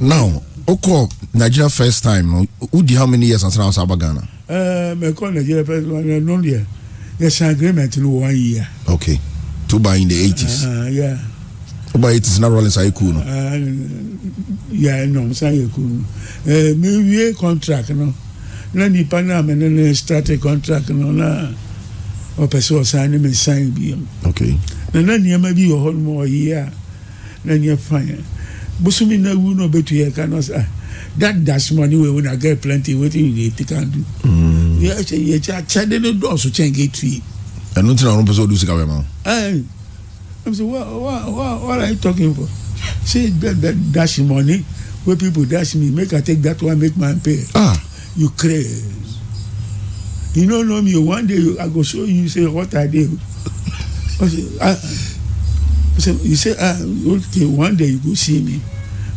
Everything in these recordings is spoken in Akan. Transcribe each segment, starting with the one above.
now okɔ nigeria first time wudi how many years asan asa aba ghana. ɛɛ mɛ kɔ nigeria first time ɛɛ no deɛ yɛ san agreement ni one year. okay two by in the eighties. Uh, yeah. two by eighties na rollins ayi kuu no. yà ẹ nọ san yẹ kuu no ɛɛ mi wie contract no na nipa naa mi ne ne start a contract no na ɔpɛ sɛ ɔsan ne mi san bi. okay. na na nneɛma bi wɔ hɔ nom ɔyi a na nyɛ fine bosomi na wu na ọbẹ tu yẹ ká náà sá ah, that dash money wey una get plenty wetin you dey take am do. yẹ ẹ ṣe yẹ kyẹ kyẹ de ne dọọso kyẹn ke tu yi. ẹnu tí na ọrùn o du sika bẹẹ ma. ẹ ẹ sọ wa wa wa what are you talking for say that that dash money wey people dash me make i take that one make man pay. ah you crazy. you no know me one day i go show you say what i dey. say you say ah okay one day you go see me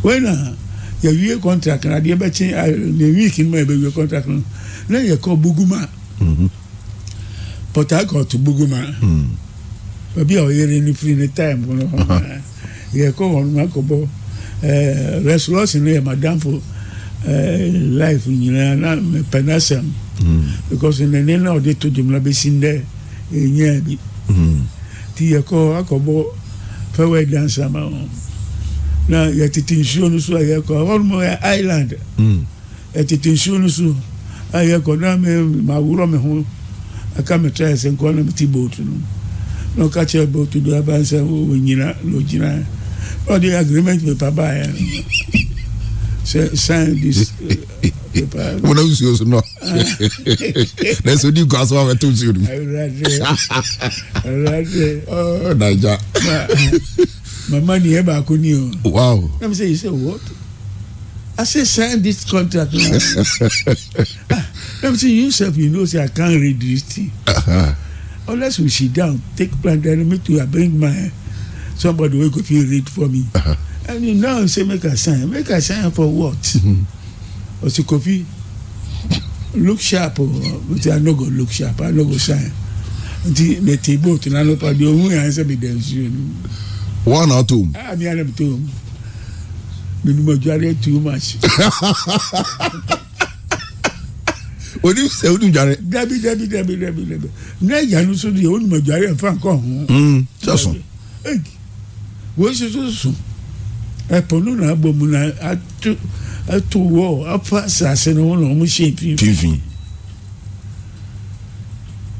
when ah yɛ wie contract na adeɛ bɛkye ah na week in my yɛ bɛ wie contract no na yɛ kɔ buguma port mm-hmm. harcourt buguma baabi a ɔyɛrɛ ne firi ne time no yɛ You wɔn mu akɔbɔ ɛɛ restaurant no yɛ madam for eh, life nyinaa na mɛpɛ n'asɛm mm. because nane na ɔde to dwom na bɛsi ndɛ enyia bi ti yɛ kɔ akɔbɔ fɛwɛ dansama o na yɛtete nsuo no so a yɛkɔ hɔnom yɛ island hmm. yɛtete nsuo no so a yɛkɔ na maworɔ me ho aka me trae sɛ nkɔ na mete boat no na ɔka kyerɛ boat do aba sɛ wɔnyina na ɔgyina ɔde agreement paper baeɛ sign this uh, paper. mo náà nsuo so náà náà sọ di nkọ asọ àwọn ẹtọ nsuo nù. ọ naija. mama ni ẹ baako ni o. wow. Let me sẹ you say what. I say sign this contract ah, let me see, yourself, you know, say I can't read this thing. Uh-huh. Unless we sit down, take plan, then me too, I bring my somebody who could feel read for me. Uh-huh and you now say make a sign make a sign for what ọsì mm-hmm. kofi look sharp o but i no go look sharp i no go sign nti na ti bo ti nanu pàdé ohun yẹn sẹ mi dẹrù sí ẹnu. wọn náà tó. a mi ara mi tó mi ni mo ju ara too much. oní sẹ o dùn jàre. dẹbi dẹbi dẹbi dẹbi dẹbi ní ẹyànú sódì yẹn o ní mo ju ara nfa nǹkan ọhún. wo soso sùn ɛpo no na abɔ mu na ato ato wɔ afa asase no ho na wɔn hyɛ mfimfini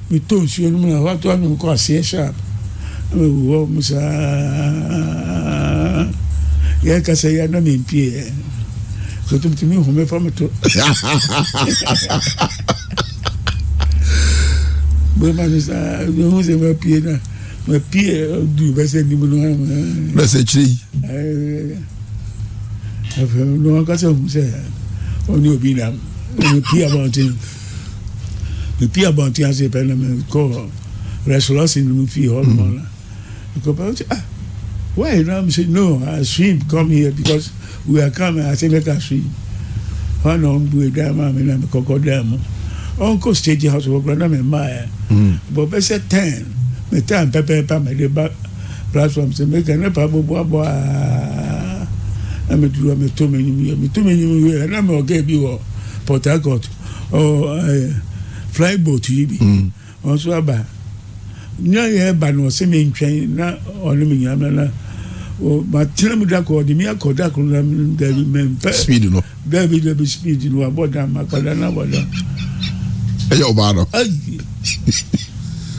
metɔ nsuo no mu na wato anum kɔ aseɛ sharp ama wu hɔ mu saa yɛkasa yi anam mpie yɛ sotomtumi home fa meto bɛma no saa mehu sɛ mapie no a mɛ pie du bɛsɛ nimu ni wọn mɛ. bɛsɛ kyerɛ yi. ɛɛ ní wọn kasa ohun sɛ wọn ni obi na mɛ pie abɔnten mɛ pie abɔnten ase pɛ na mɛ kɔ rɛsɔlɔsi nimu fie hɔ lɔn na ɛkɔ pɛ ɔtí ah why you no know, say no i swim come here because we are coming i say make i swim wọn na ɔn bu edan maa mi na mi kɔkɔ dan mu ɔn kɔ stage house wɔ kura na mi maa yɛ bɔ bɛsɛ ten mɛ time pɛpɛɛpɛ mɛ de ba platform sɛ mɛ kɛ ne pa gbogbo abɔ aa na mɛ duuru mɛ to mɛ nyimu yɛ mɛ to mɛ nyimu yɛ ɛna mɛ ɔkɛ bi wɔ port harcourt ɔ ɛɛ fly boat yi bi ɔn so aba nyɛ yɛ ba na ɔsɛ mɛ ntwɛn na ɔne mɛ nyamɛ na o ma tẹnɛ mu dakɔ ɔdi mi akɔ dakɔ na mi dɛbi speed nɔ dɛbi dɛbi speed nɔ abɔ dan ma kɔ dan ẹ yẹ ọba dɔ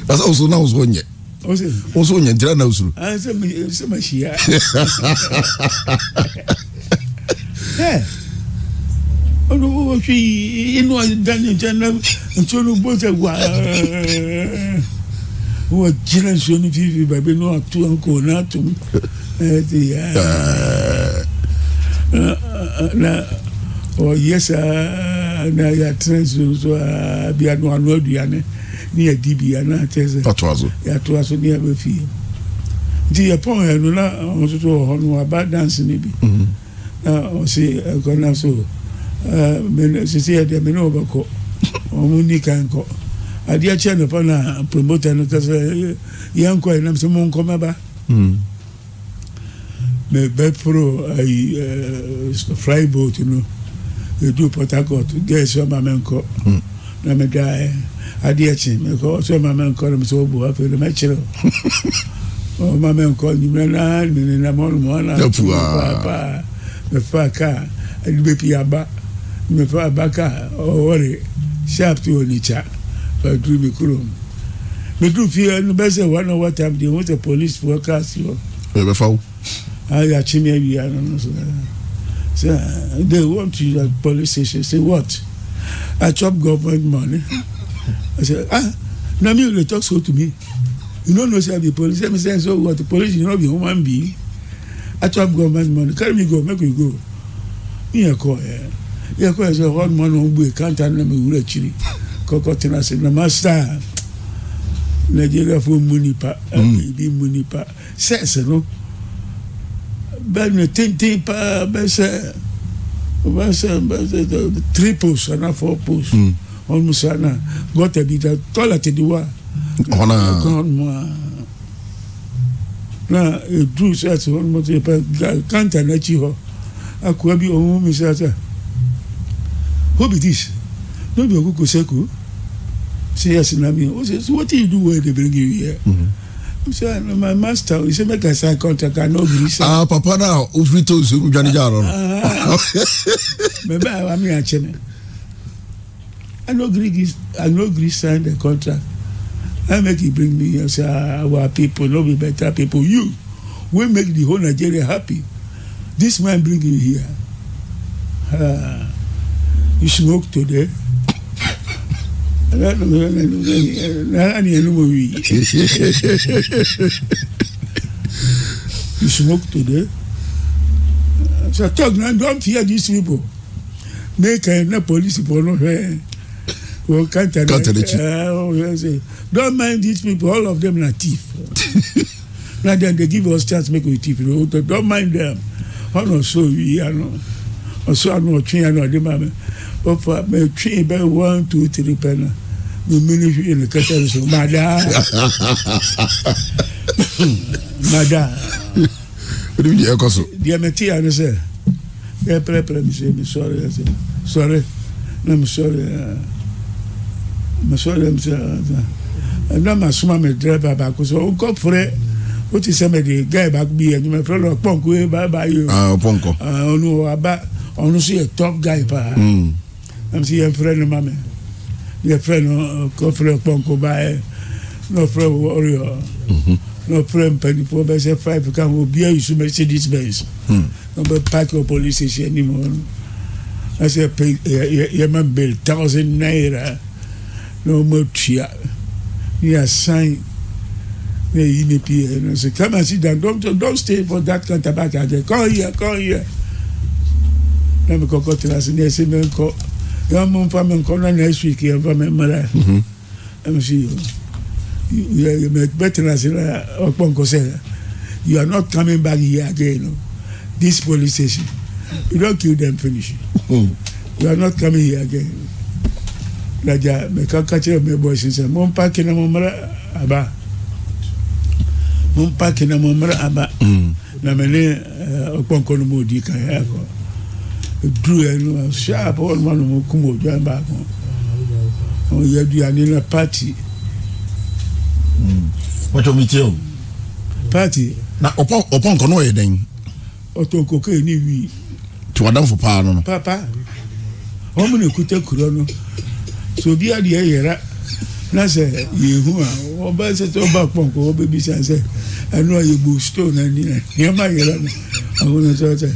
basa osu na osu onye osu oh, onye oh, njira na osuru. sɛ ma si ya. ɔno wɔhwɛ yi inu da ne nkyɛn na nsuo no bɔ sɛ wa wɔgyina no fiifi baabi na wato ankɔ na atom ɛti na ɔyɛ saa na yɛatena nsuo no so a Ni yɛ di bi anaa kyɛ sɛ yɛatoa so ne yɛaba fie nti yɛpɔn ɛno na ɔno nso wɔ hɔ no waba dance no bi na ɔse ɛkɔna so sisi yɛ deɛ mene wɔbɛkɔ ɔmo ni kan kɔ adeɛ kyɛ nɔpa na promoter no kasɛ yɛnkɔ ɛnam sɛ monkɔ mɛba mɛbɛporo mm-hmm. ayi fly boat no edu port harcourt gɛɛsi ɔma mɛnkɔ na mɛdaeɛ adeɛ akyi mekɔ sɛ mama nkɔ no sɛ wobu afei no mɛkyerɛ mama nkɔ nwummerɛ noa nenenam ɔnomɔnapaa mefa kaa ade bɛpii aba mefa aba kaa ɔwɔre sharp to ɔnikya aduru me kurom meduru fie no bɛsɛ one hour time deɛ wosɛ police foɔ kaa si hɔ ɛbɛfa wo ayakye me awia no no so So they want you at police station. Say what? I chop government money. I said, ah na me you talk so to me you don't know say the police say me so what the police you know, be human being I chop government money carry me go make we go me yẹ kọ Yeah, yẹ kọ ẹ sọ one man one boy. way kanta na mi wúlò akyiri kọkọ tena se na ma star Nigeria fo mu nipa ibi mu nipa sẹẹsì no bẹẹ ten tenten paa bẹẹ sẹ bẹẹ sẹ bẹẹ sẹ three posts ana four posts. Mm ɔmusa uh, na gɔta bi ta tɔlɛti di wa. ɔnà ɔkàn na edu sase wɔn mo ti pɛ kanta n'akyi hɔ akua bi ɔmo mi sase who be this no be okuko seku say yes na me o say so what you do where they bring you here. Mm -hmm. sɛ my master o sɛ mɛka sign contract ana o biri sɛ. aa ah, papa na o firi to nsu mu jɔnni jaarɔ. mɛ báyìí wa mi yà kyɛnɛ. I no gree I no gree sign the contract. I make you bring me here say our people no be better people. You wey make the whole Nigeria happy. This man bring you here. Uh, you smoke today. you smoke today. So talk now, don't fear these people. Make uh, no police for no hair. Eh? Well, can't tell uh, oh, eh. Don't mind these people. All of them are thief. now then they give us chance make we thief. You oh, know? Don't mind them. Wọ́n náà sọ yìí àná ọ̀sọ́ àná ọ̀tún yẹn náà ọ̀dẹ́ máa mi ó fọ mi tún yìí one two three pẹ́ náà mi mi ní yìí ní kẹ́tẹ́ ní sọ máa dá máa dá. O ní so. Diẹ mi tí yàrá sẹ, ẹ pẹrẹpẹrẹ mi sẹ mi sọrọ yẹ sẹ sọrọ náà mi sọrọ yẹ mesɔ dɛm sɛ ɛna ma suma mi dɛrɛba baako sɔ o fure o ti sɛ mɛ de gɛɛ baako bi yɛ fɛn dɔ pɔnkɔ ye ba ba ye o aa pɔnkɔ ɔnu a ba ɔnu so yɛ tɔp guy paa ɛmu si yɛ fure ni ma mɛ yɛ fure ni kɔ fure pɔnkɔ ba yɛ n'o fure wɔriɔ n'o fure mpanyinfo bɛ sɛ five kan o biya yi su mercedes benz n'o bɛ paaki o polisi sɛ ni mɔ ɛsɛ pe yɛ yɛ mɛ bɛn thousand naira na wɔn atua ne asan na eyi ne pii No, sɛ come and sit down don't don't stay for that back, counterpart ade come here come here na mi kɔkɔ tena ase ne ɛsɛ mi nkɔ yɛn mo nfa mi nkɔ na next week yɛn fa mi mmara ɛmu mhm. si yɛ yɛ mɛ bɛ tena ase na ɔkpɔ nkɔsɛ you are not coming back here again no this police station you don kill them finish hmm. you are not coming here again na gya mm. meka eh, ka kyerɛ me boys sɛ mompake na mommra aba mompake na mommra aba na mene ɔkpɔnkɔ no mu ɔdi kaeɛ akɔ ɛduruɛ no sharp hɔ noma no mokum ɔdwan baako ɔyɛ aduane na party wọ́n mm. mi tiẹ̀ o. paati. na ọ̀pọ̀ ọ̀pọ̀ nǹkan náà yẹ dẹ́yìn. ọ̀tọ̀ nkókó yìí ni wii. tiwadanfo paa nínú. papa wọn mu ni ekuta kuro no sɛ obi adeɛ yɛra na sɛ yehu a ɔba sɛ sɛ ɔba pɔnkɔ ɔbɛbisa sɛ ɛno a yɛbu stone ani na nneɛma yɛra no ɔmono sɛ sɛ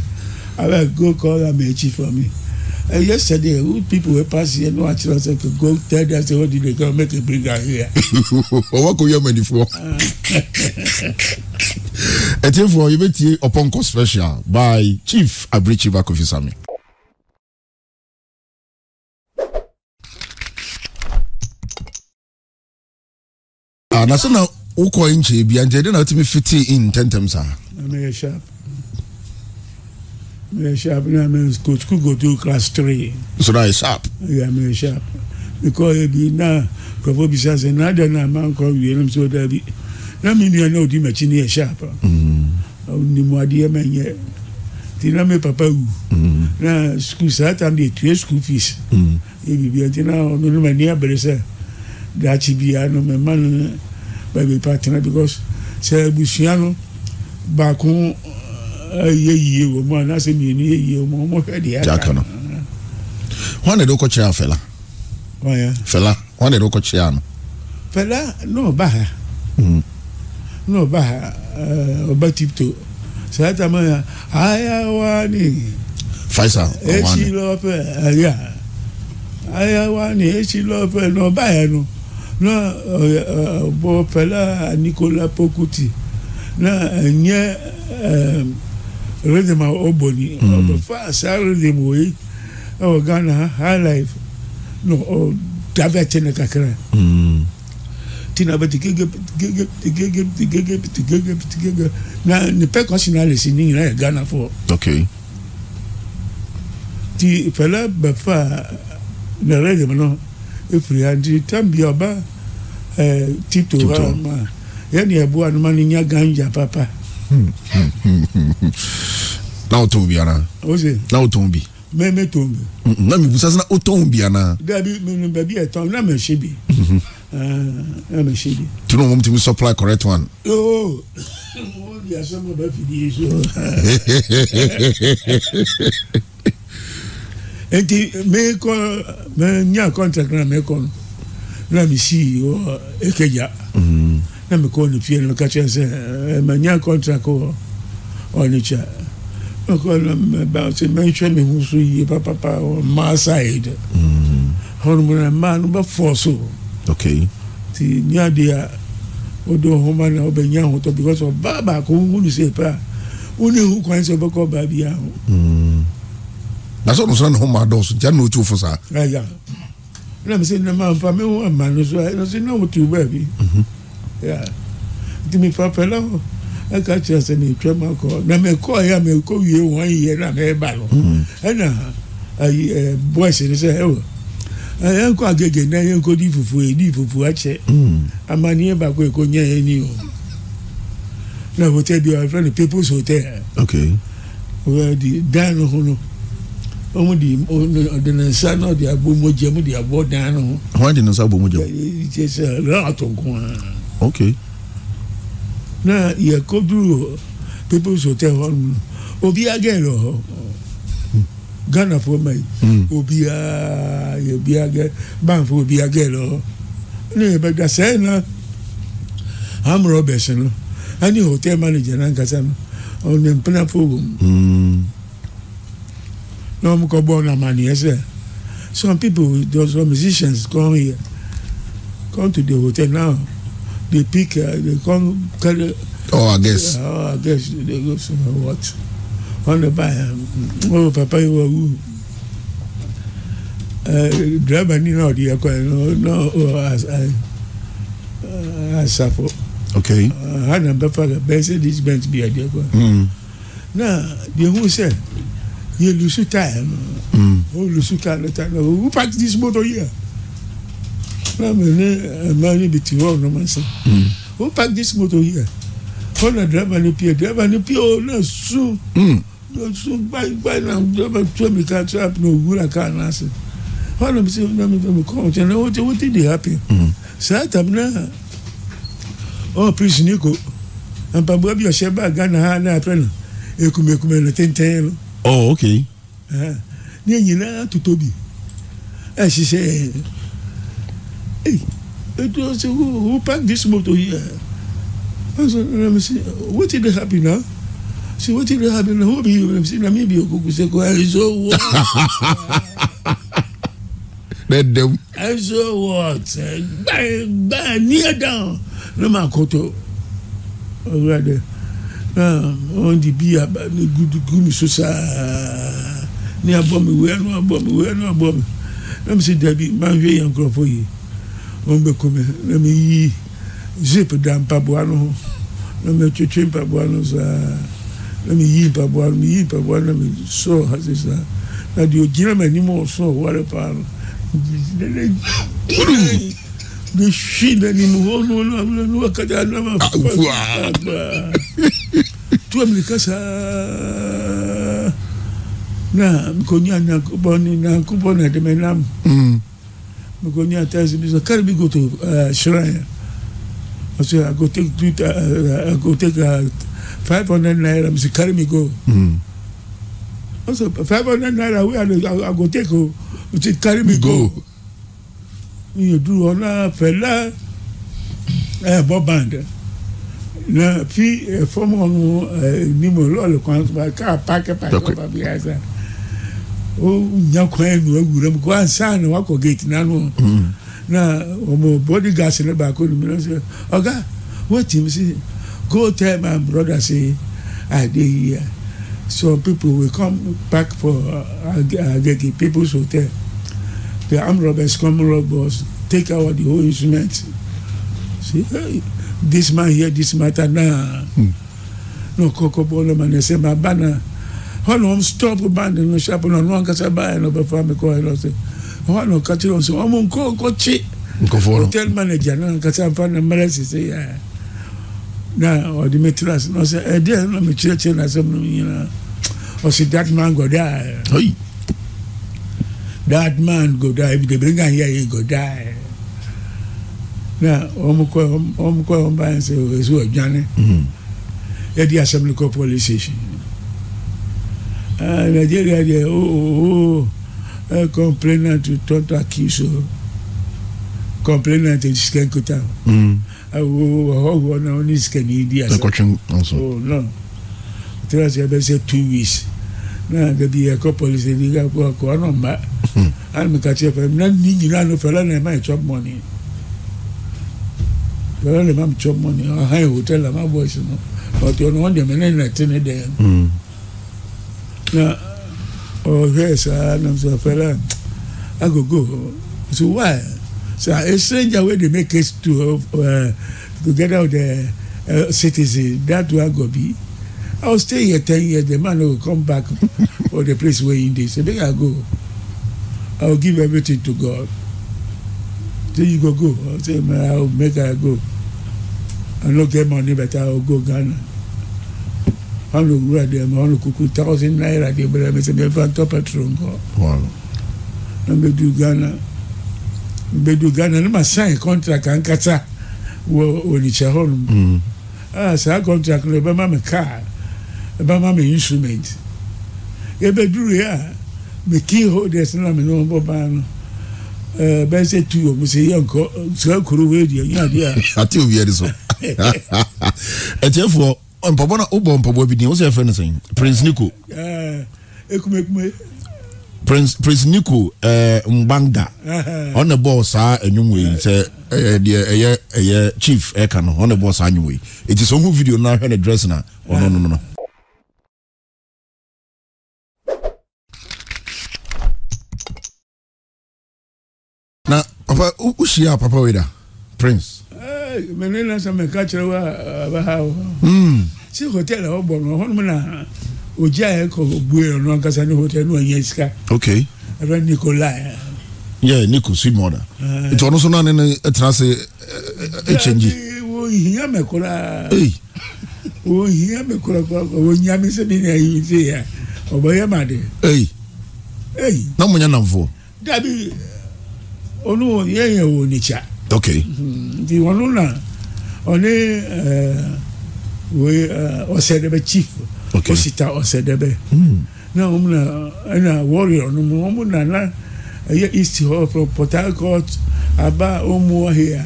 abɛ go call am akyi for me uh, yesterday old people were passing here no akyerɛ sɛ to go tell them say what did they come make they bring her here. ɔwɔ kò yẹ mɛnifoɔ ɛtiɛfoɔ yɛ bɛ tie ɔpɔnkɔ special by chief abirichi bakofisami. ah na sɛ na wokɔ nkyɛ bia nkyɛ de na wotumi fiti in ntɛmtɛm saa meyɛ sharp meyɛ sharp na me coach ku go do class three so na sharp yeah meyɛ sharp mekɔyɛ ebi na nkurɔfoɔ bisa sɛ na adɛ no ama nkɔ wie nom sɛ ɔda bi na me nua na ɔdi makyi ne yɛ sharp mm-hmm. nimuadeɛ ma nyɛ nti na me papa wu mm-hmm. na school saa tam de ɛtue school fees ɛbibia mm-hmm. nti na ɔno no mani abere sɛ daakye bia no mema no baabi pa tena because sɛ abusua no baako yɛ yie wɔ mu anaasɛ mmienu yɛ yie wɔ mu wɔn hwɛ deɛ aka no wɔn na de kɔ kyerɛ afɛla fɛla wɔn na de kɔ kyerɛ ano. fɛla na ɔba ha na ɔba ha ɔba tipto saa tama ya ayawani. faisal ɔwani echi lɔpɛ aya ayawani echi lɔpɛ na ɔba ya no na Fela Nicolas Pokuti na nye redema a ọbọ ni ọbẹfa saa rhythm wei hmm. Ghana high life hmm. na ọ dabe akyɛ ne kakra ti na bɛti gege gege gege gege gege gege na ne percussionalist ni nyinaa yɛ Ghana okay ti Fela bɛfa na rhythm no efiri ha nti tam bi ɔba tito ha ma yɛni ɛbu anuma ni nya ganja papa. na o tɔn bi ana. o se. na o tɔn bi. mɛ mɛ tɔn bi. na mi busa sina o tɔn bi ana. dabi mɛ bɛbi yɛ tɔn na mɛ se bi. na mɛ se bi. tunu wɔn ti mi supply correct one. yoo wɔn di asɔmɔ bɛ fili yi so nti mekɔ menya contract na mekɔ no na mesii wɔ ekegya na mekɔ ne fie no meka kyerɛ sɛ eh, manya contract wɔ ɔnekya mekɔnmɛbasɛ mɛnhwɛ me ho so yie papapa ma side hɔnomna ma no bɛfɔ so nti nyadeɛ a wode ɔhoma na wobɛnya ahotɔ because ɔbaa baako wohu no sɛ pɛ a wone hu kwan sɛ wobɛkɔ baa ho mm na sɛ ɔno so na ne ho ma dɔɔso nkyɛ na ɔtu fo saa nam sɛ nnama mfa me ho ama no so ɛno so na wotu baabi mhm. nti mefa pɛla hɔ ɛka kyerɛ sɛ metwam akɔ na mekɔɛ a mekɔ wie wɔn yɛ na mɛba no mhm. ɛna boys no sɛ ɛwɔ yɛnkɔ agege na yɛnkɔdi fufuo yɛdi fufuo akyɛ mhm. amanneɛ baako ɛkɔnya yɛni o na hotel bi a wɔfrɛ no peoples hotel okay. dan no ho no wɔn de ɔde ne nsa na ɔde abɔ mogya mu de abɔ dan no ho. wɔn de ne nsa abɔ mogya mu. ɛyɛ sɛ lɔn ato nko ara. ok. na yɛ kɔduru people's hotel hɔ nom obi agɛn lɔ hɔ ghana fo ma yi obiara hmm. yɛ obi agɛn banfo obi agɛn lɔ hɔ ne yɛ bɛ da sɛɛ na am roberts hotel manager nankasa no ɔne mpenafo wɔ mu. Hmm na wɔn kɔ bɔ n'amaneɛ sɛ some people those some musicians come here come to the hotel now they pick uh, they come carry. oh i guess. Uh, oh i guess they go somewhere watch wọn lè bá um, ọ papa yìí wọ wú uh, dírẹ́bà ní náà di ẹ̀kọ́ ẹ̀ náà ọ àṣàfọ̀ hànà bẹ́fà bẹ́ẹ̀ sẹ́ dis bench bí ẹ̀ di ẹ̀kọ́ náà di ehun sẹ́ẹ̀ je lusu time. Mm. Oh, lusu time, time. Who park this motor here? Na mene mani biti wa na mansa. Mm. Who park this motor here? Kọ́ na dírẹ́bà ni pie dírẹ́bà ni pie o na su. Na su gbayi gbayi na dírẹ́bà tu mi ka trap na owura ka na se. Kọ́ na mi se na mi fẹ́ mi kọ́ ọ̀tẹ̀ na wetin wetin dey happen. Sáà mm. tàbí náà ọ̀ pírísì ní ko. Mpaboa bi ọ̀ṣẹ́ bá Ghana ha náà pẹ́ nà ekumekume nà téńtẹ́n lọ oh ok. Eh, ní ẹ̀yìn náà tó tóbi ẹ ṣiṣẹ́ eh, ẹ ètò ọ̀sẹ̀ who who park this motor here ọ̀sẹ̀ rẹ̀ mi sí wetin dey happen now sí wetin dey happen now who be rẹ̀ mi sí na mi be okuku ṣe ko i so what. dẹ́dẹ́m. i so what gbàgbà ní ẹ̀dá ọ̀ ló máa kó tó ọ̀rọ̀ ẹ̀dẹ̀ wọn di bi aba ne gudu gu mi so saa ne abɔ mi wia no abɔ mi wia no abɔ mi na mi se dabi maa n yɛn nkorɔfo yi wɔn bɛ kɔmɛ na mi yi zip da mpaboa no ho na mi twitwi mpaboa no saa na mi yi mpaboa no mi yi mpaboa na mi sɔɔ ha se saa na deɛ ogyina mi anim wɔ sɔɔ wɔre paa no ne hwi n'anim hɔ no no wɔn anam afa afa tu amirika saa na nkonya nyankopɔn ne nyankopɔn na ɛde me nam nkonya mm. ataase bi so carry me go to uh, shrine i say i go take two uh, uh, i go take uh, five hundred naira mi say carry me go mm. i say five hundred naira wey i go take o oh, mi say carry me go mi yẹ duro ọ̀nà fẹ̀lá ẹ̀ eh, bọ́ band. Eh, na fi fam hɔ no anim lɔɔre kwan so kaa paaki paaki paaki asa o nya kwan nu awura mu kwan saa hmm. na wakɔ gate nanu na wɔn body gas ne baako nu mi sɛ ɔga wɔti mi si go tell my brother say i dey here some people will come back for uh, agege people's hotel the armed robbers come rob us take out the whole instrument see. Hey, this man here, this matter now hmm. No ɔkɔkɔ bɔɔlɔ ma na ɛsɛ ma ba na hɔnom stop band no sharp na ɔno ankasa baayɛ na ɔbɛfa mi kɔ ɛlɔ sɛ hɔnom ɔka kyerɛ wɔn sɛ ɔmo nkɔ ɔkɔkye hotel manager na ankasa nfa na mmerɛ sise yɛ na ɔde mi tiri ase na ɔsɛ ɛdeɛ na mi kyerɛkyerɛ na asɛm no nyinaa ɔsɛ mm, that man go die that man go die if they bring am here he go die na wɔn kɔ wɔn kɔ wɔn ba yɛn sɛ wɔsi ɔdwane yɛdi asɛm no kɔ police station aa nigeria deɛ ooo ɛ e, complainant turn to accuse o complainant ti e sika nkuta mm-hmm. awo na ɔne sika ni di asɛm ɛkɔtwe nso o no tura sɛ ɛbɛ sɛ two weeks na dabi ɛkɔ e, police station ɛdi kakɔ ɔnɔ mba ɛna hmm. mi ka kyerɛ fɛ na ni nyinaa no fɛ lɛ na ɛma ɛtwa mɔni lọ́la de ma mi tsɔ mɔni ɔhan yi hotel la ma bɔ esi nɔ ɔtɔ ni wɔn dɛmɛ ne na ti ne dɛ. na ɔhwɛ saa namsafɛ la agogo so why so a stranger wey dey make case to uh, get out the uh, citizen that one go be i will stay here ten years the man no go come back for the place wey he dey so make i go i will give everything to god say you go go i say i will make i go i no get money but i will go ghana wọn lò wúrà dé ẹmọ wọn lò kúkú tọkọsí náírà dé bẹrẹ mi sẹ bẹẹ top tọ pẹtrol nkọ. na mbẹ du ghana mbẹ du ghana ne ma sign contract ankasa wọ onitsẹ hɔ nom aa saa contract no ɛbɛ ma mi car ɛbɛ ma mi instrument ɛbɛ duru yɛ a mi key holders na mi n'o bɔ ban no bɛɛ sɛ tu o muso yɛ nkɔ sɛ kuro wei deɛ nyɛ adeɛ a. ati obi ɛri so ɛtiɛfoɔ mpaboa na o bɔ mpaboa bi diin o sɛ fɛn nisɛn prince nico. ekumekume. prince prince nico ɛɛ ngbanga ɔna bɔ saa enyim wei sɛ ɛyɛ deɛ ɛyɛ ɛyɛ chief ɛka no ɔna bɔ saa enyim wei eti sɛ ohun video na ahwɛ ne dress na ɔno no no. wohyia papa weda prince eh, mene na sɛ meka kyerɛ wo a baha hɔ sɛ hotel a wɔbɔ no hɔnom na ogya a ɛkɔ bue no ankasa ne hotel no anya sika okay ɛfɛ nikolai eh. yɛ nico sweet mother eh. nti ɔno so nane ne tena se ɛkyɛngye wɔhia me koraa wɔhia me korakorakora wɔnya me sɛ mene ayimsei a ɔbɛyɛ ma de na monyɛ namfoɔ dabi olúwo yẹ̀yẹ̀ wò nìkya. ok. nti wọn na ọne wei ọsẹdẹbẹ chief osita ọsẹdẹbẹ na wọn na ẹna warrior no mu wọn na na ɛyɛ east hall from port harcourt aba omuwa hia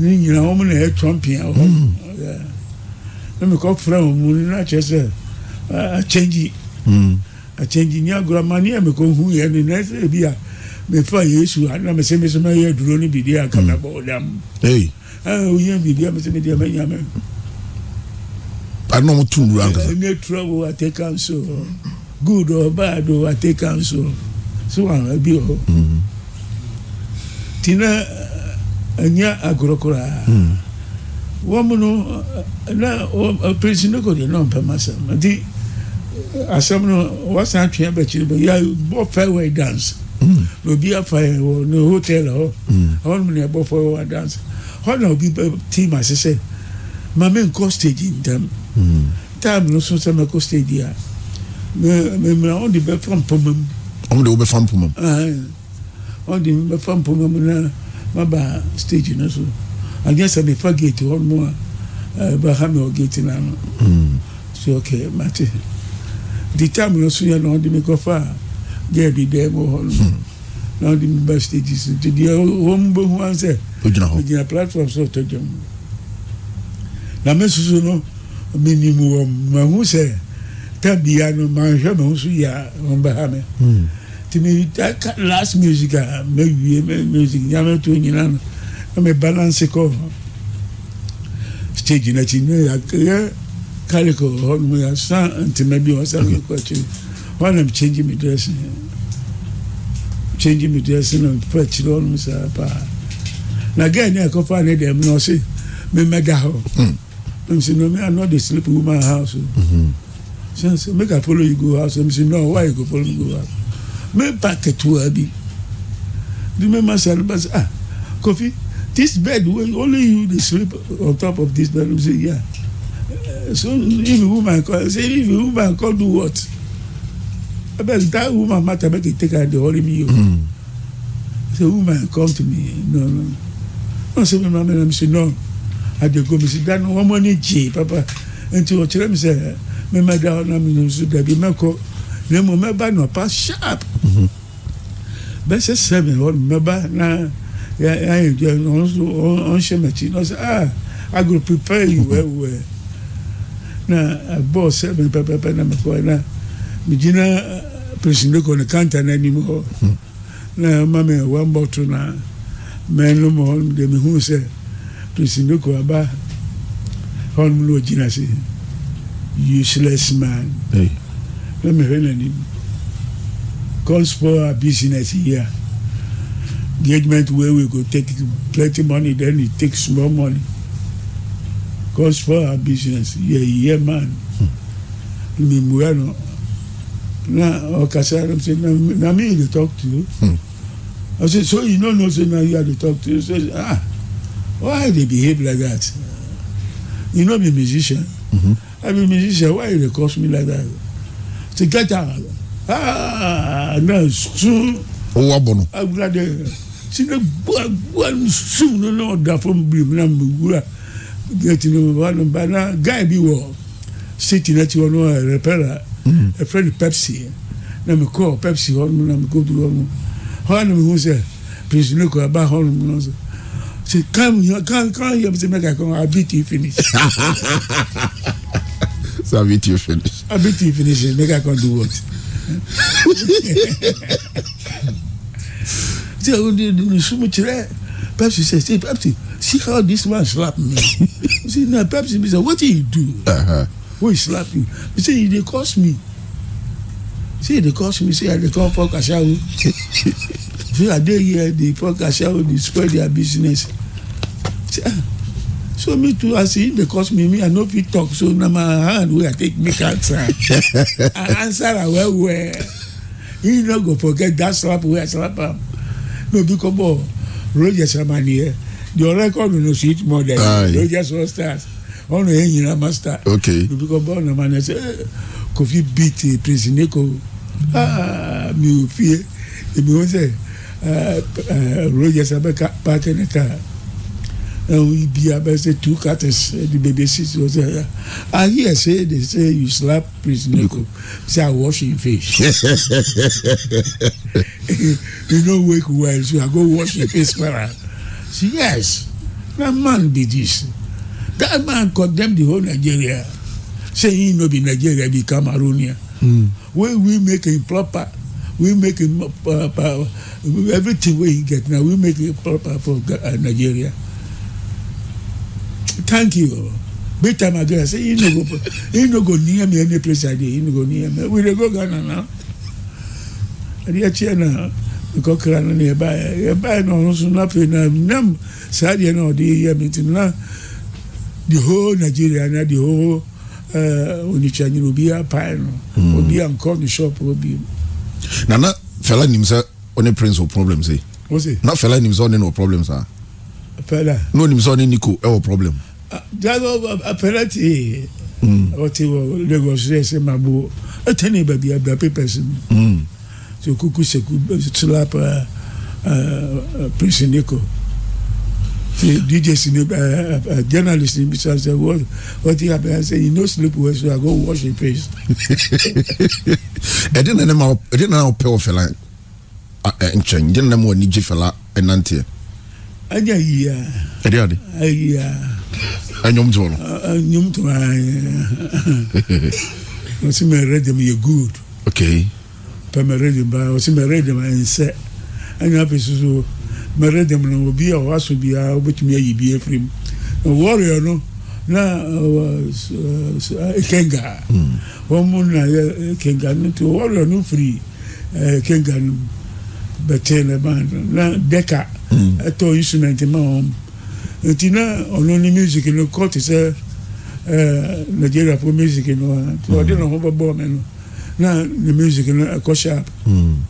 ne nyinaa wɔn na yɛ tɔmpia wɔ na mi kɔ fura wɔn mu na kyerɛ sɛ akyɛnji akyɛnji nyɛ agorɔ ma ne yɛ mi kɔ hu yɛ ne na ɛsɛ ebi a mefa yesu ana mese mese mɛyɛ aduro ne biribi a kama bɔ dam woyɛ biribi a mese medeɛ mɛnya me ana ɔmo tu nwura nkasa ɛnyɛ trouble I take counsel good or bad or oh, I take counsel so wɔn bi hɔ tina ɛnyɛ agorɔ koraa mu no na prinsi ne ko de na ɔmpɛ ma sɛm nti asɛm no wasan atwea bɛkyerɛ bɛ yɛ bɔ fairway dance na mm. obi afa yɛn wɔ ne hotel hɔ hɔnom na ɛbɔfo wɔ dance. hɔ na obi team ase sɛ maame nkɔ stage ntam time no so sɛ mɛkɔ stage a mmira wɔn de bɛfa mpoma mu. wɔn de wɔbɛfa mpoma mu. wɔn de bɛfa mpoma mu na maba stage no so adeɛ sɛ mefa gate hɔ nom a ɛbɛha mi wɔ gate n'ano. so mm. okay mate the time no so yɛ na ɔde mi kɔ fa girl bi dan mu hɔ no na ɔde mi ba stages nti deɛ wɔn mu bɛ hu ansɛ ogyina platform so ɔtɔ dwam na me soso no mi ma hu sɛ tabia no ma nhwɛ ma so yɛ a wɔn bɛ ha mi ti last music a mɛ wie mɛ music nyame to nyina no na mɛ balance kɔ stage na ne ya kaliko hɔ nom yɛ san ntoma bi wɔn san kɔ akyiri why am changing my dressing changing my dressing na pɛ kyerɛ ɔnom saa paa na guy ni akɔfa ne dɛm na ɔsi mi mɛ da hɔ ɛm no me i no sleep in woman house o sɛ sɛ make follow you go house ɛm si no why you go follow me go house me pa ketewa bi di me ma sɛ ɛnipa sɛ ah kofi this bed wey only you dey sleep on top of this bed ɛm si yeah eh, so if woman call say if woman call do what abeg that woman matter make you take her dey worry me o mm. say woman come to me no no no say my mama me say no i dey go me say that wọn mọ ni jì papa Until o tell mi sẹ mi ma da ọna mi nso dabi mẹkọ na mu mẹba na ọpa sharp bẹsẹ sẹmi ọ mẹba na ya ya yẹ jẹ ọ nso ọ n ṣe mẹkyi na ọ sẹ ah i go prepare you well well na i bọ sẹmi pẹpẹpẹ na mẹkọ ẹ na megyina eh, presidoko ne kanta no anim hɔ hmm. na ma me one bottle na mɛnom de mehu sɛ presidoko aba hɔnom na ɔgyina se useless man na mehwɛ n'anim conspore business here engagement where we go take plenty money then he take small money for our business here yeah, yeah man mmemmua no na okasara say na me you dey talk to you." Hmm. i say so you no know say na you i dey talk to you say ah why you dey behave like that you no be musician mm-hmm. i be musician why you dey curse me like that say get out ah na soon owó abọ́nù. agbada sinɛ bua bua sun ní ní ọ̀dà fún mi mi mi wúra gẹ̀ẹ́tì ní wà ní bá náà gáì bí wọ̀ sétí náà ti wọ́n náà ɛfrɛ no pepsi na mekɔ pepsi hɔnom na mekɔduru hɔnom hɔ na mehu sɛ prince noko aba hɔnom no so sɛ come here come come here sɛ make i come i beat you finish so i beat you finish i beat you finish make i come do what sɛ wode ne som kyerɛ pepsi sɛ sɛ pepsi see how this man slap me see na pepsi be say what did you do uh -huh who is slapping he say he dey curse me say he dey curse me say i dey come fall kashawo say i dey here dey fall kashawo dey spoil their business ah, so me too as he dey curse me me i no fit talk so na my hand wey i take make answer i answer am well well he no go forget that slap wey i slap am no bi kọ́ Roger rogers amaniye eh, the record no sweet more than rogers all stars ɔno yɛ nyina master okay obi kɔ bɔ ɔno ma na sɛ kofi beat prince neko aa ah, mi ò fie eh, èmi wọn sɛ eh, eh, rogers abɛka paaki ne ka ɛhun ibi abɛsɛ two cartons ɛdi bebe six wọn sɛ i hear say they say you slap prince neko say i wash him face you no wake well so i go wash him face para say yes na man be this that man condemn the whole nigeria say he no be nigeria be cameroonian mm. wey we make him proper we make him proper everything wey he get now we make him proper for uh, nigeria thank you big time ago i say he no go he no go near me any place i dey he no go near me we dey go ghana now adiachie na nkɔ kra no ne yɛbaeɛ yɛbaeɛ na ɔno so no afei na nam saa na ɔde yɛ me nti na the whole nigeria na the whole eh, onitsha nyina obi apae no hmm. obi ankɔ ne shop obi. nana fela nim sɛ ɔne prince wɔ problem se. o se. na fela nim sɛ ɔne no problem saa. fela. n'o nim sɛ ɔne niko ɛwɔ problem. jago fela ti ɔti wɔ lagos yɛ sɛ ma bo ɛtɛ ne baabi abira papers mu. Hmm. so kuku seku slap uh, uh, uh, prince niko. DJ Sinibu, uh, eh, uh, eh, eh, journalist Sinibu said, what, what you happen? I said, you no sleep well, so I go wash your face. I didn't know I didn't know pay off like nkyɛn gyina nam wɔ ani gye fɛla nanteɛ anya yia ɛde ade ayia ɛnwomto no ɛnwomto ɔsi mɛ rɛdɛm yɛ good okay pɛ mɛ rɛdɛm ba ɔsi mɛ rɛdɛm ɛnsɛ ɛnya afei soso mɛrɛ dɛm no obi a ɔaso biara wobɛtumi ayi bi afiri mu wɔreɛ no na uh, uh, kenga hmm. wɔn mu na yɛ kenga no nti wɔreɛ no firi eh, kenga no mu bɛtɛ na band na deka ɛtɔ hmm. instrument ma wɔn nti na ɔno ne music no kɔ te sɛ nigeria po music no a hmm. na ne ho bɛbɔ ɔmɛ no na ne music no ɛkɔ sharp. Mm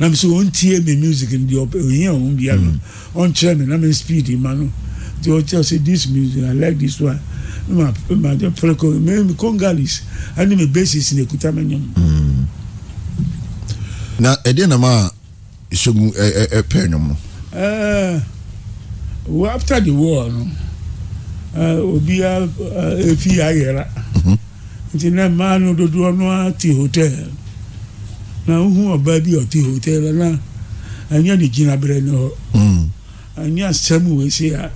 na mi sɛ ɔntie mi music no deɛ ɔyɛ bia no ɔnkyerɛ mm. mi na mi speed ma no nti ɔkyerɛ sɛ this music i like this one ma ma de basis na ekuta mi nyɔm. Mm. na ɛdeɛ na ma segun pɛ nyɔm no. ɛɛ well after the war no uh, obiara uh, efi ayɛra mm-hmm. nti na mmaa no dodoɔ no a ti hotel na wohu ɔbaa bi ɔte hotel na ɛnyɛ ne gyinaberɛ no hɔ ɛnyɛ asɛm wɔsi a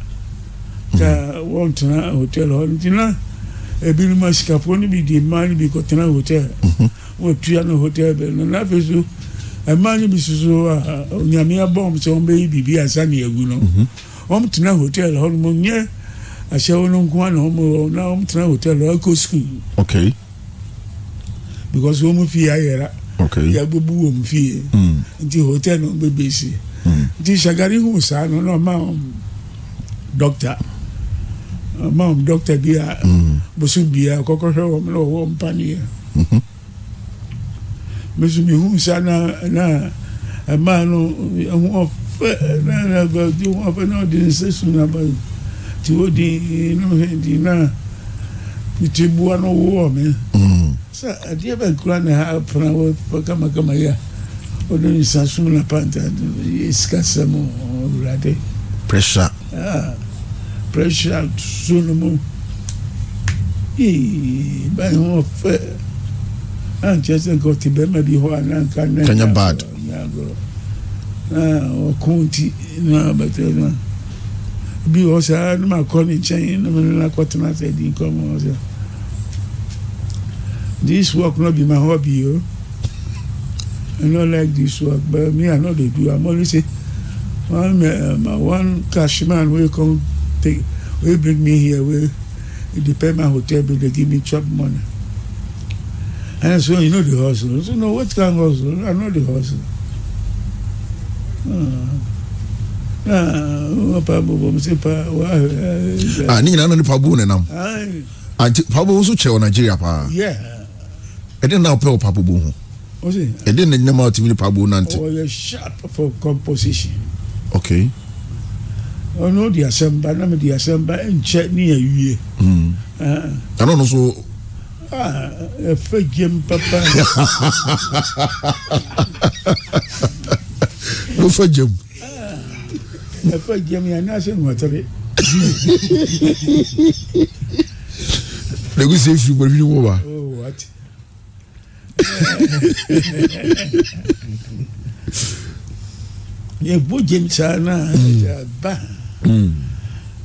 ka wɔntena hotel hɔ nti na ebinom asikafoɔ no bi de mmaa no bi kɔtena hotel wɔtua no hotel bɛ no na afei so mmaa no bi soso a onyame abɔm sɛ wɔbɛyi biribi asa ne agu no wɔmtena hotel hɔ nom nyɛ ahyɛwo no nko ana wɔmwɔ na wɔmtena hotel hɔ akɔ sukuu because wɔn mu fie ayɛra yàgbébu wò mu fie nti hotel no bebe si hmm. nti sagari hu saa no na ɔma wɔn dɔkta ɔma wɔn dɔkta bi a hmm. bosu bi a kɔkɔ hwɛ wɔn na ɔwɔ mpaniya mhm. mesu mi hu saa na na ɛmaa no ɛhu ɔfɛ na na ɛhu ɔfɛ na ɔde nsa su na ba ti o di na ɔhɛ di na ti bua na ɔwɔ mi sɛ adeɛ bɛkora ne ha pena wɔpɛ kamakama yi a ɔno nsa som na panta sika sɛm awurade pressure ah, pressure so no mu bɛn ho fɛ ankyɛ sɛ nka ɔte bɛrima bi hɔ a na nka bad ah, ɔko nti na bɛtɛ no bi wɔ saa no makɔ ne nkyɛn na mene nakɔtena sɛ di nkɔmmɔ sɛ This work not be my hobby, oh. I no like this work, but me I know they do. I'm only say one um, one cash man will come take will bring me here. Will it e pay my hotel bill? They give me chop money. And so you know the hustle. So know what kind of hustle? I know the hustle. Ah, ah ne nyinaa no ne pabo nenam nti pabo nso kyɛw nigeria pa. yeah ɛde na ɔpɛ ɔpa bobo ho ɛde na nyama ɔtumi ne paabo nante. ɔyɛ oh, sharp for composition. okay. ɔno di asɛm ba nam di asɛm ba nkyɛ ne yɛ wie. ɛno no so. ɛfɛ gyem papa. n'ofɛ gyem. ɛfɛ gyem yɛn n'asɛ nwɔtɔre. legusi efiri bɔ efi ni wo ba yɛbɔ gyem saa na ba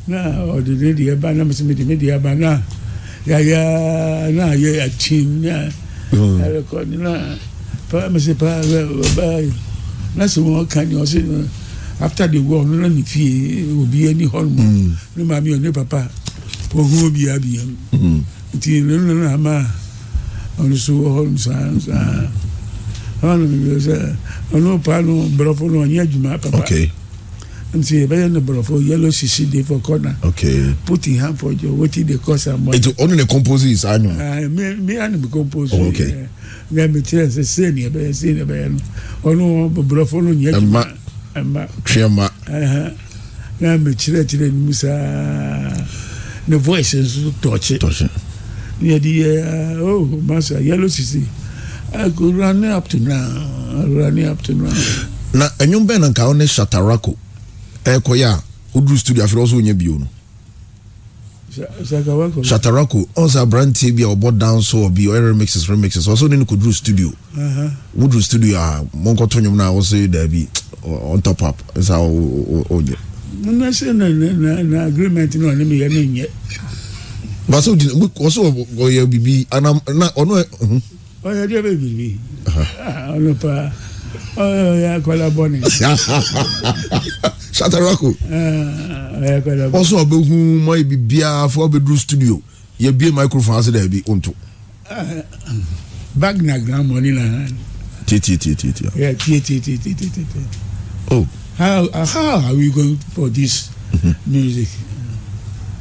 na ɔde ne deɛ ba na mesɛ mede me deɛ ba na yaya na yɛ atim na ɛrekɔde na paa mesɛ paa ɔba na sɛ wɔka deɛ ɔse after the war no na ne fie obi ani hɔ nom hmm. ne maame ɔne papa ɔhu obiaa biam hmm. nti no no ɔno so wɔ hɔ nom sɛ ɔno paa no borɔfo ɔnyɛ adwuma papa nti yɛbɛyɛ no borɔfo yellow sisi de for corner putin hand for jaw wetin dey cause am money. etu ɔno ne compose yi saa nyɔ. mi mi ani mi compose. ɔ ok nka mi kyerɛ sɛ sèé ni ɛbɛyɛ sèé ni ɛbɛyɛ no ɔno borɔfo no nyɛ adwuma ɛma twɛma nka mi kyerɛ kyerɛ nimu ne voice nso tɔɔkye yɛde yɛ oh masa yellow sisi aku rani up to now rani up to now. na ɛnwom bɛn na nka shatarako, ne shatarako ɛɛkɔyɛ a woduru studio afei ɔso wonyɛ bio no shatarako ɔsɛ aberanteɛ bi a ɔbɔ danso ɔbi ɔyɛ remixes remixes ɔsɛ ne no kɔduru studio woduru studio a monkɔto nwom no a wɔsɛ daabi ɔntop up ɛsɛ a ɔnyɛ na sɛ na agreement no ɔne meyɛ no nyɛ baso di ɔso ɔyɛ bibi anam na ɔno ɛ. ɔyɛ deɛ bɛ bibi ɔno paa ɔyɛ akɔla bɔni. satarako ɔso ɔbɛ hun ma ibi biara fɔ ɔbɛ duro studio yɛ bie microphone ase dɛbi onto. bag na grand money na hand. tie tie tie tie tie. how how are we going for this mm-hmm. music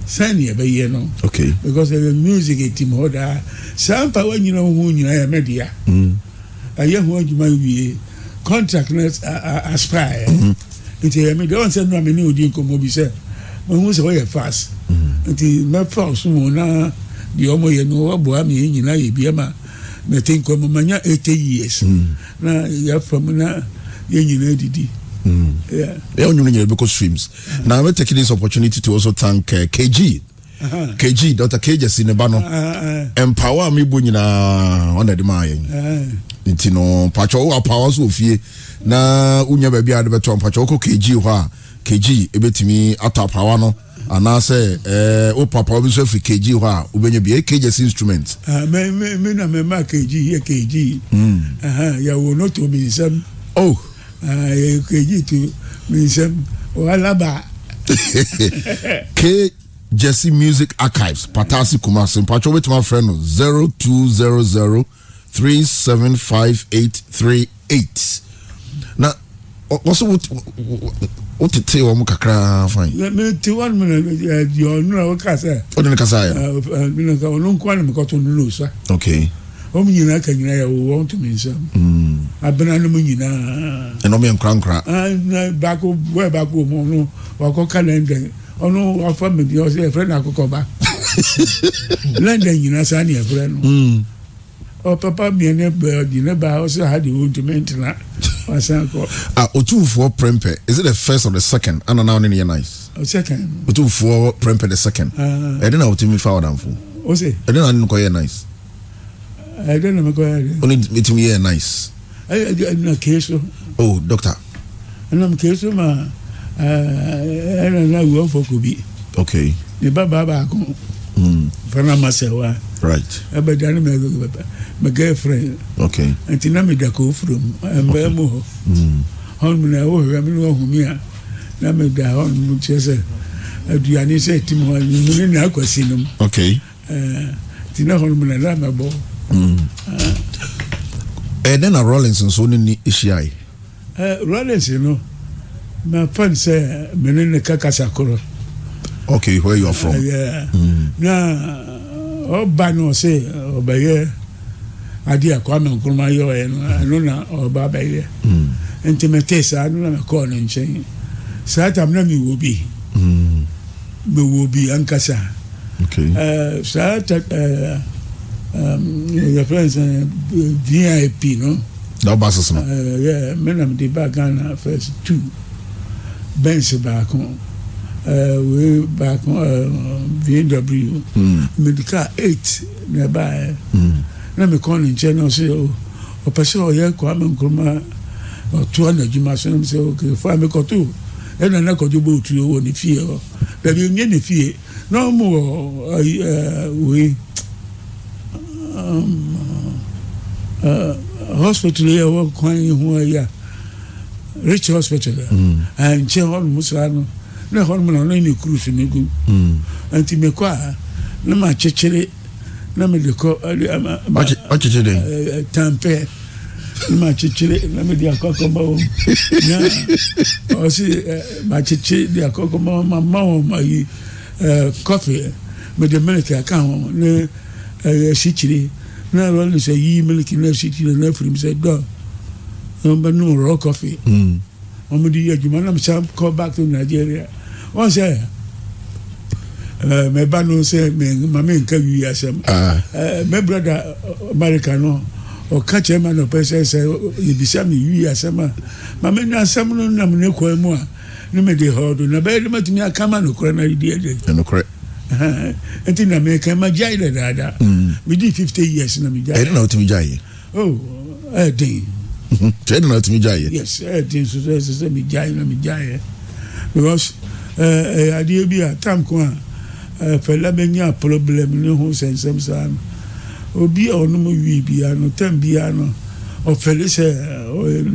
sani ɛbɛyɛ no okay. because ɛbɛ music eti mm. mm-hmm. mm-hmm. mu hɔ daa saa mpawa nyina ho nyina yɛ mɛ dea ɛyɛ ho adwuma wie contract no aspire nti ɛyɛ mɛ dea ɔn sɛ nura mi ni odi nkɔmɔ bi sɛ ɔmo sɛ ɔyɛ fast nti mɛfa ɔsomo na deɛ ɔmo yɛ no ɔboa mi yɛ nyina yɛ bi ɛma mɛte nkɔmɔ manya eighty years mm. na yɛ fam na yɛ nyina didi ɛyɛ ɔnwom no nyina bɛkɔ streams Now I'm taking this opportunity to also thank uh, kg kg dr kg si Empower me, no na a mebo nyinaa ɔna de maa yɛn nti no mpatwɛ wo apawa so ofie na wonya baabi a de bɛtɔ mpatwɛ wokɔ kg hɔ a kg ɛbɛtumi atɔ power no anaasɛ ɛɛ o papa o bi so fi kg wa a o bɛ nye bi e kg si instrument. mɛ mɛ mɛ na me ma kg here kg. yàwó n'o tó mi nsɛm. oh èkejì tó mi nsẹm wàlábà. k jesse music archives patasi kumasi mpatsọ wetin ma fẹ no zero two zero zero three seven five eight three eight na wọ́n sọ wọ́n ti tẹ wọ́n kakra fain. mi ti wọ́n mi na yọ̀ ọ́ nínú àwọn kasa. ó dín ní kasa yẹ. ọ̀nà nǹkan ọ̀nà nǹkan ọ̀nà mi kọ́ tó nínú òòsa. okay wɔn nyinaa ka nyinaa yɛ wo wɔn tumi nsɛm mm. abena no mu nyinaa ɛnɔ yɛ nkrankra ah, baako wɛ baako mu ɔno wakɔ ka lɛndɛn ɔno wafa mi bi ɔsɛ yɛfrɛ no akokɔba lɛndɛn nyinaa saa ne yɛfrɛ mm. Papa ɔpapa mmienu bɛ ɔdi ne ba ɔsɛ ha de wo ntumi ntena wasan kɔ. a ah, otumfuo prempɛ is it the first or the second ana naa ɔne ni yɛ nice. o second. otumfuo prempɛ the second. Ah. ɛde na otumi fa ɔdanfo. o se. ɛde na ne kɔ yɛ nice ɛdɛ na mɛkɔ yɛ. o ni mitumi yɛ nice. ɛyɛ ɛdi na kee so. o doctor. ɛnam kee so ma ɛɛ ɛna na wu ɔfɔ kobi. okay. ne ba baako. fana ma sɛ wa. right. ɛbɛda ne mɛ mɛ girlfriend. okay. nti na mi da ko furu mu ɛnbɛ mu hɔ. hɔn mi na ɛwɔ hɔ mi na ɔhun mi a na mi da hɔn mu kyerɛ sɛ aduane sɛ ti mu hɔ ɛnum ne na akɔ si okay. ɛɛ ti na hɔn mi na na mɛ bɔ ɛdɛn eh, na uh, rollins nso ne ni ahyia yi. Eh, rollins no ma fan sɛ mene ne ka kasa korɔ. okay where you are from. Uh, yeah. mm. na ɔba oh, no ɔse ɔbɛyɛ oh, adeɛ akɔ ama nkuruma yɛ ɔyɛ no ɛno na ɔba bɛyɛ. nti mɛte saa no na oh, mɛkɔɔ hmm. no nkyɛn saa tam na mewɔ bi. Hmm. mewɔ bi ankasa. okay. Uh, saa ta. Uh, yɛfrɛ n sɛ vip no na ɔba soso no uh, yɛ menam de ba ghana first two bench baako uh, wei baako uh, vw mede hmm. kaa eight hmm. na ɛbaɛ oh, oh, oh, na mekɔ ne nkyɛn na ɔsɛ ɔpɛ sɛ ɔyɛ kwame nkroma ɔtoa n'adwuma so nam sɛ ok fa mekɔto ɛna na kɔdwo bɔ otuo wɔ ne fie hɔ dabi ɔnyɛ ne fie na ɔmo wɔ wei hospital yi a ɛwɔ kwan yi ho yi a rich hospital ɛnkyɛn hɔnom saa no na hɔnom na ɔno ne kuru fi ne gu nti mekɔ a na ma kyekyere na mede kɔ ɔkyekyere dɛ tampɛ na ma kyekyere na mede akɔkɔba wɔm na ɔsi ma kyekyere de akɔkɔba wɔm ma ma wɔm ayi kɔfe mede miliki aka ho ne asikyire na lɔri sɛ yiyi miliki na asikyire na afirim sɛ dɔ wɔn bɛ num rɔ kɔfi wɔn de yi adwuma nam sam kɔ back to nigeria wɔn sɛ ɛɛ mɛ ba no sɛ mɛ maame nka wi asɛm ɛɛ mɛ broda america no ɔka kyerɛ ma na ɔpɛ sɛ sɛ ebisa mi wi asɛm a maame na asɛm no nam ne kɔn mu a ne mɛ de hɔ do na bɛyɛ de tumi aka ma no na yi di ɛdi. ɛnukorɛ nti na mɛka ma gya yi dɛ daadaa medi fifty years na mi gya yi. ɛyɛ na o ti mi gya yi. o ɛyɛ den. ɛyɛ na o ti mi gya yi. yes ɛyɛ den soso ɛsɛ sɛ mi gya yi na mi gya yi because ɛɛ adeɛ bi a tam ko a ɛɛ fɛlɛ bɛ nya problem ne ho sɛnsɛm saa no obi a ɔno mu wi bia no tam bia no ɔfɛlɛ sɛ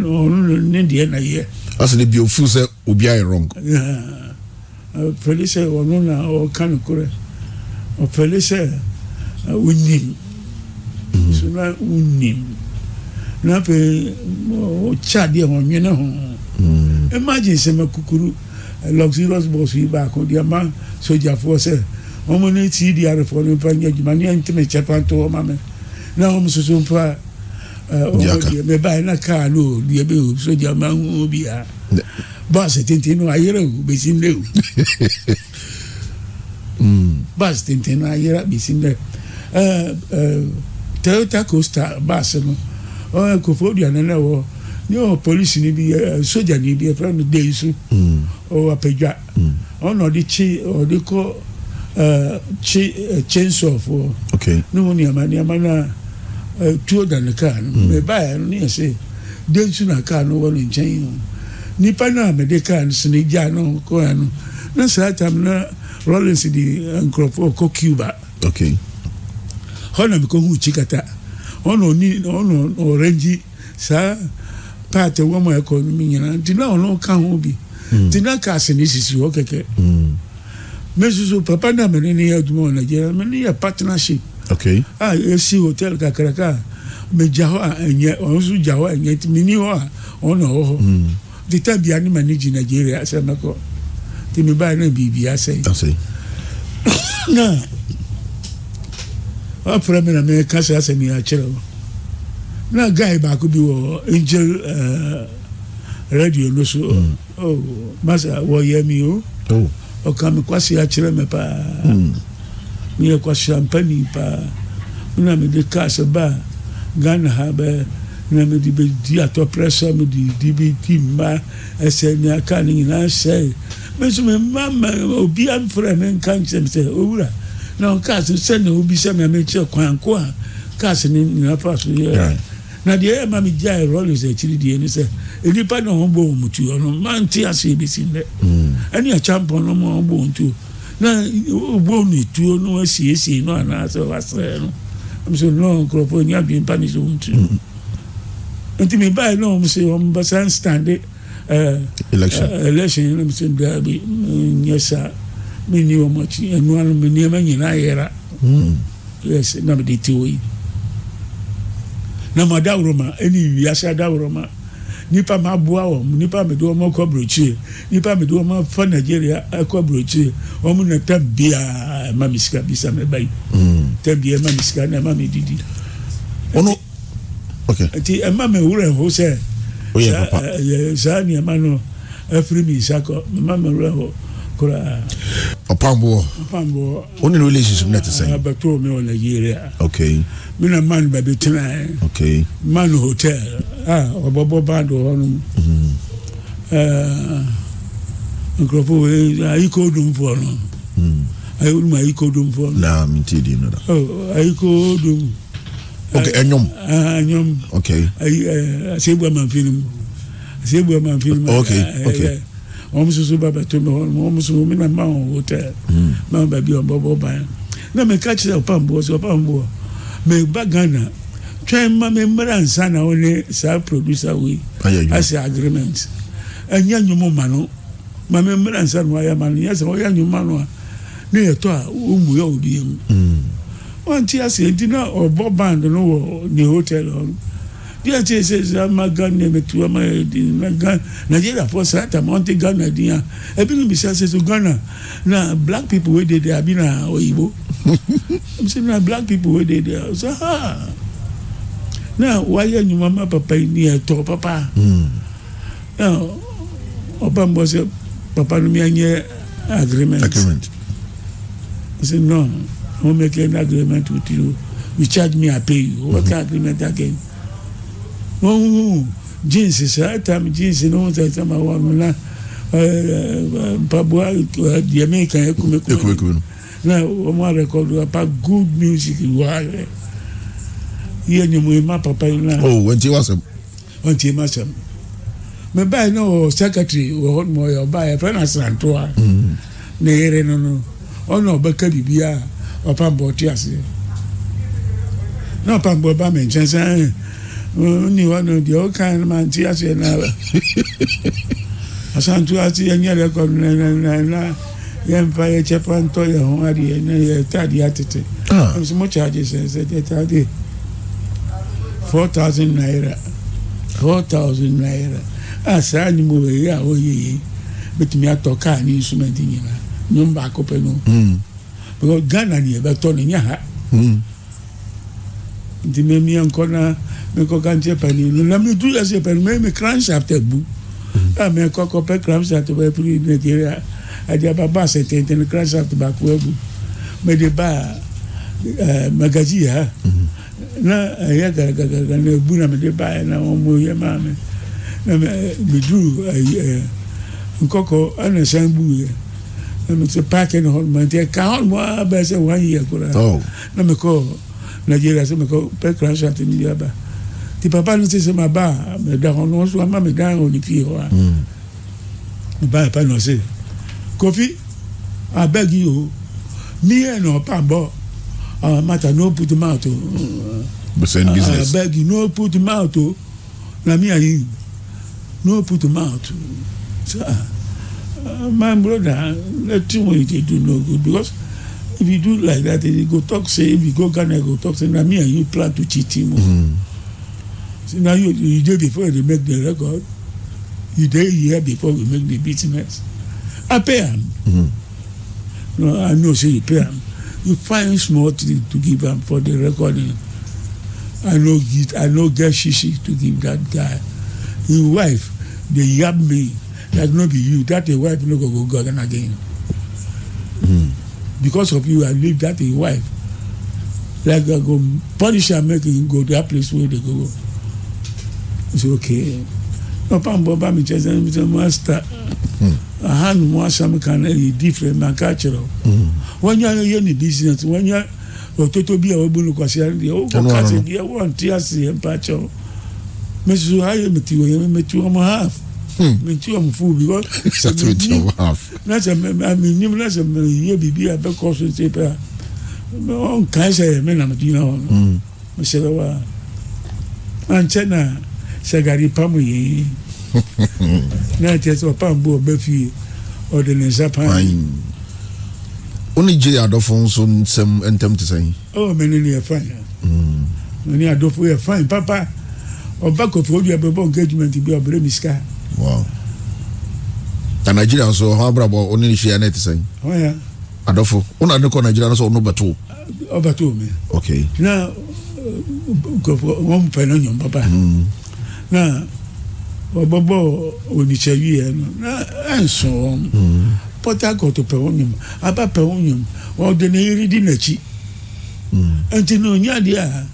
ɔno ne deɛ na yɛ. asɛ de bi ofu sɛ obi ayɛ wrong. Yeah ɔpɛli sɛ ɔno na ɔka nokorɛ ɔpɛli sɛ wonim so na wonim na afei ɔkya deɛ ɔnwene ho imagine sɛ ma kukuru luxurious bus yi baako deɛ ma sogyafoɔ sɛ wɔn ne cdrfoɔ no mfa nyɛ adwuma ne yɛntemi kyɛ pa nto ɔma me na wɔn soso mfa ɔmɔ deɛ mɛbaeɛ na kaa no deɛ bɛ sogya ma ho biara báàsì tìǹtìǹ nù ayé rẹ̀ wò bèsì ń lẹ̀ wò hmm. báàsì tìǹtìǹ nù ayé rẹ̀ bèsì ń lẹ̀ toyota coaster báàsì nù kòfó duane náà wọ ní ọ̀ polisi ni bi soja ni bi ẹ̀fọ́ mi dé isu ọ̀ apẹ̀dwa ọ̀nà ọ̀dí kyi ọ̀dí kọ́ kyi chainsaw ne ho nneɛma nneɛma no a tuo da ne kaa no mebaa no ne yɛ sɛ dɛ nsu na kaa no wɔ ne nkyɛn nipa no a mɛde kaa no so no gya no kɔa no na saa tam na rollins de eh, nkurɔfoɔ kɔ cuba okay. hɔ na mekɔhu kyi kata ɔna ɔni ɔna ɔrɛngyi saa paati wɔn a ɛkɔ no mi nyinaa nti na ɔno ka ho bi hmm. nti na kaasi ne sisi hɔ kɛkɛ hmm. mesusu papa na mene ne yɛ adwuma wɔ nigeria mene yɛ partnership okay. a esi hotel kakraka megya hɔ a ɛnyɛ ɔno nso gya hɔ a ɛnyɛ nti meni hɔ a ɔno na ɔwɔ hɔ. Hmm dita tam bia ne ma ne gyi nigeria sɛ mɛkɔ nti mebae no biribia sɛi na wafrɛ me na meka sɛ asɛm yi akyerɛ na guy baako bi wɔ angel eh, radio no so mm. oh, masa wɔyɛ mi o oh. ɔka me kwase akyerɛ me paa mm. meyɛ kwaseampani paa na mede kaa sɛ baa ghana ha bɛɛ na mede bɛdi atɔprɛsɛ mede di bi di mma ɛsɛ nea ka no nyinaa sɛe mɛso memma ma obia mfrɛ me nka nkyerɛ me sɛ owura na ɔkaa se sɛnea wobisɛ me a mekyerɛ kwanko a kaa se ne nyinaa fa so yɛ na deɛ ɛyɛ ma megyae rollins akyiri deɛ ne sɛ nnipa na ɔbɔ wɔ mutuo ɔno mante ase bɛsi nnɛ ɛne akyampɔn no ma ɔbɔ wɔ ntuo na ɔbɔ ne tuo no asiesie no anaasɛ wasrɛ no m sɛ no nkurɔfoɔ ni adwene pa ne sɛ wontuo nti mi báyìí náà mo sè wọn bá sá ń stande election yẹn mi sè dàbí n yẹ sá mi ní wọn akyi ẹnu àná mi nìyẹn mẹ nyinaa yẹra hmm. yes na mi di ti wọ yi na mo adawuro ma ẹni wiase adawuro ma nipa ma aboa wɔn nipa mi de wɔn akɔ aburokyi nipa mi de wɔn afa nigeria akɔ aburokyi wɔn na tam biara ɛma mi sika bisa hmm. mi ba yi tam biara ɛma mi sika na ɛma mi didi nti ɛma mi wura hɔ sɛ saa nneɛma no afiri mi nsa kɔ ɛma mi wura hɔ koraa. ɔpamboɔ ɔpamboɔ o ni relationship na ti sɛn. abɛto mi wɔ nigeria. okay. mi na man bɛbi tena yɛ. okay. man hotel a ɔbɛbɔ baado hɔ nom. ɛɛ nkurɔfoɔ wo ye ayi ko dun fɔ no. ayi ko dun fɔ no. naa mi ti di nɔ da. ayi ko dun ok ɛnyɔm eh, ɛnyɔm ah, ah, ok ayi ɛɛ eh, asebu amanfin mu asebu amanfin mu ok eh, ok wɔn soso ba bɛtɔ mi hɔ wɔn soso mi na ma wɔn hotel hmm. ma wɔn baabi wɔn bɔbɔ ban na mɛ kakyɛ sɛ ɔpamboɔ sɛ ɔpamboɔ mɛ ba ghana twɛn ma mɛ mmerɛ nsa na wɔn ne saa producer wei asɛ agreement ɛnyɛ nnwom ma no ma mɛ mmerɛ nsa na wɔayɛ ma no nyɛ sɛ wɔyɛ nnwom ma no a ne yɛtɔ a wɔn mu yɛ obi yɛ mu. Hmm ɔnte ase nti na ɔbɔ band no wɔ ne hotel hɔ no deɛ kye sɛ sɛ ama ghana mɛtu ama din na ghana nigeriafoɔ saa tam ɔnte ghana din a ebinom bisa sɛ so ghana na black people wey dey there abi na oyibo sɛ na black people wey dey there sɛ ha na wayɛ nnwuma ma papa yi ni ɛtɔ papa na ɔba mbɔ sɛ papa no mi anyɛ agreement agreement sɛ no. I won't make any agreement with you. You charge me, I pay you. What mm-hmm. agreement again? Oh, jeans is right time jeans no one say time I want na mpaboa deɛ meka ɛkumekume na ɔmo arɛkɔdo apa good music wɔarɛ yɛ nyɛmuema papa yi na ɔntie wasɛm ɔntie masɛm mebae na ɔ secretary wɔ hɔ nom ɔyɛ ɔbaɛ ɛfrɛ no asrantoa ne yere no no ɔna ɔbɛka biribiaa ɔpabɔ te aseɛ na ɔpabɔ ba mi nkyɛn sɛ ɛn ni hɔ no deɛ ɔka no ma te aseɛ na asantu ase yɛn rɛkɔd na na na yɛn fa yɛ kyɛ pa ntɔ ho adeɛ na yɛ taadeɛ atete nso mo kyaagye sɛ sɛ yɛ taadeɛ four thousand naira four thousand naira a saa nimu wɔ yi a ɔyɛ yi betumi atɔ kaa ne nsuma di nyinaa nyom baako pɛ no because ghana ni ɛbɛtɔ no nyɛ ha hmm. nti mɛmiɛ nkɔ na mɛkɔka nkyɛ pani no na medu ɛsɛ pani mɛmi crankshaft abu a mɛkɔ kɔpɛ crankshaft bɛpiri nigeria ade ababa asɛ tɛntɛn crankshaft baako abu e mɛde baa eh, magaji ha hmm. na ɛyɛ eh, garagaraga na ebu na mɛde baa na wɔn mo yɛ maa eh, mi na mɛ meduru nkɔkɔ ɛna san bu yɛ na mi ti paaki ni hɔnom nti ɛka hɔnom a bɛyɛ sɛ wɔn ayi yɛ kura na mi kɔ nigeria sɛ mi kɔ pɛ crash at mi bi aba ti papa ni sɛ ma ba mi da hɔ no so ama mi da hɔ ni fie hɔ a mi ba papa na ɔsɛ kofi abegi o mi yɛ na ɔpa bɔ our uh, matter no put mouth o abegi no put mouth oh. o na mi ayi no put mouth oh. o uh, my brother let nothing wey you dey do no good because if you do like that they go talk say if you go ghana go talk say na me and you plan to cheat him o mm. say na you you dey before you dey make the record you dey here before you make the business i pay am mm. Mm-hmm. no i know say you pay am you find small thing to give am for the recording i no get i no get shishi to give that guy him wife dey yab me that no be you that a wife no go go garden again mm. because of you i leave that a wife like i go punish am make him go that place wey dey go go he say okay No pan bọ bá mi kyerẹ sẹ ẹni sẹ master hmm. ahanu mu asam kan ẹni different man ká kyerẹ wọn yà yẹ ni business wọn yà ọtótó bi a wọn gbóni kwasi ẹni deɛ wọn kọ kasi deɛ wọn ti ase yẹn pa kyerɛ mẹsùsù ayé mi ti wọ yẹn mi ti wọn mu half nti ɔmu fuu bi n'asɛmɛnyim n'asɛmɛnyie bibi a bɛkɔ so nse pɛ a ɔnkan sɛ mɛ nam di na hɔ no mesɛbɛ wa ankyɛ na sɛgari pam yie n'akyɛ sɛ ɔpam bo ɔbɛ fie ɔde ne nsa pan wone gye adɔfo nso nsɛm ntɛm te sɛn ɔ mene ne yɛ fine mene adɔfo yɛ fine papa ɔba kɔfo odua bɛbɔ nka adwuma nti bia ɔbrɛ mi sika wow na nigeria nso ɔhɔn abrabɔ ɔne ne hyia ne ti sɛn adɔfo ɔna ne kɔ nigeria nso ɔno bɛto ɔbɛto mi okay na uh, uh, uh, wɔn pɛ no nyɔn papa mm. na ɔbɛbɔ onitsɛ wiɛ no na ɛnso wɔn mm. port harcourt pɛ wɔn nyɔm aba pɛ wɔn nyɔm ɔde ne yiri di n'akyi mm. nti na onyadeɛ a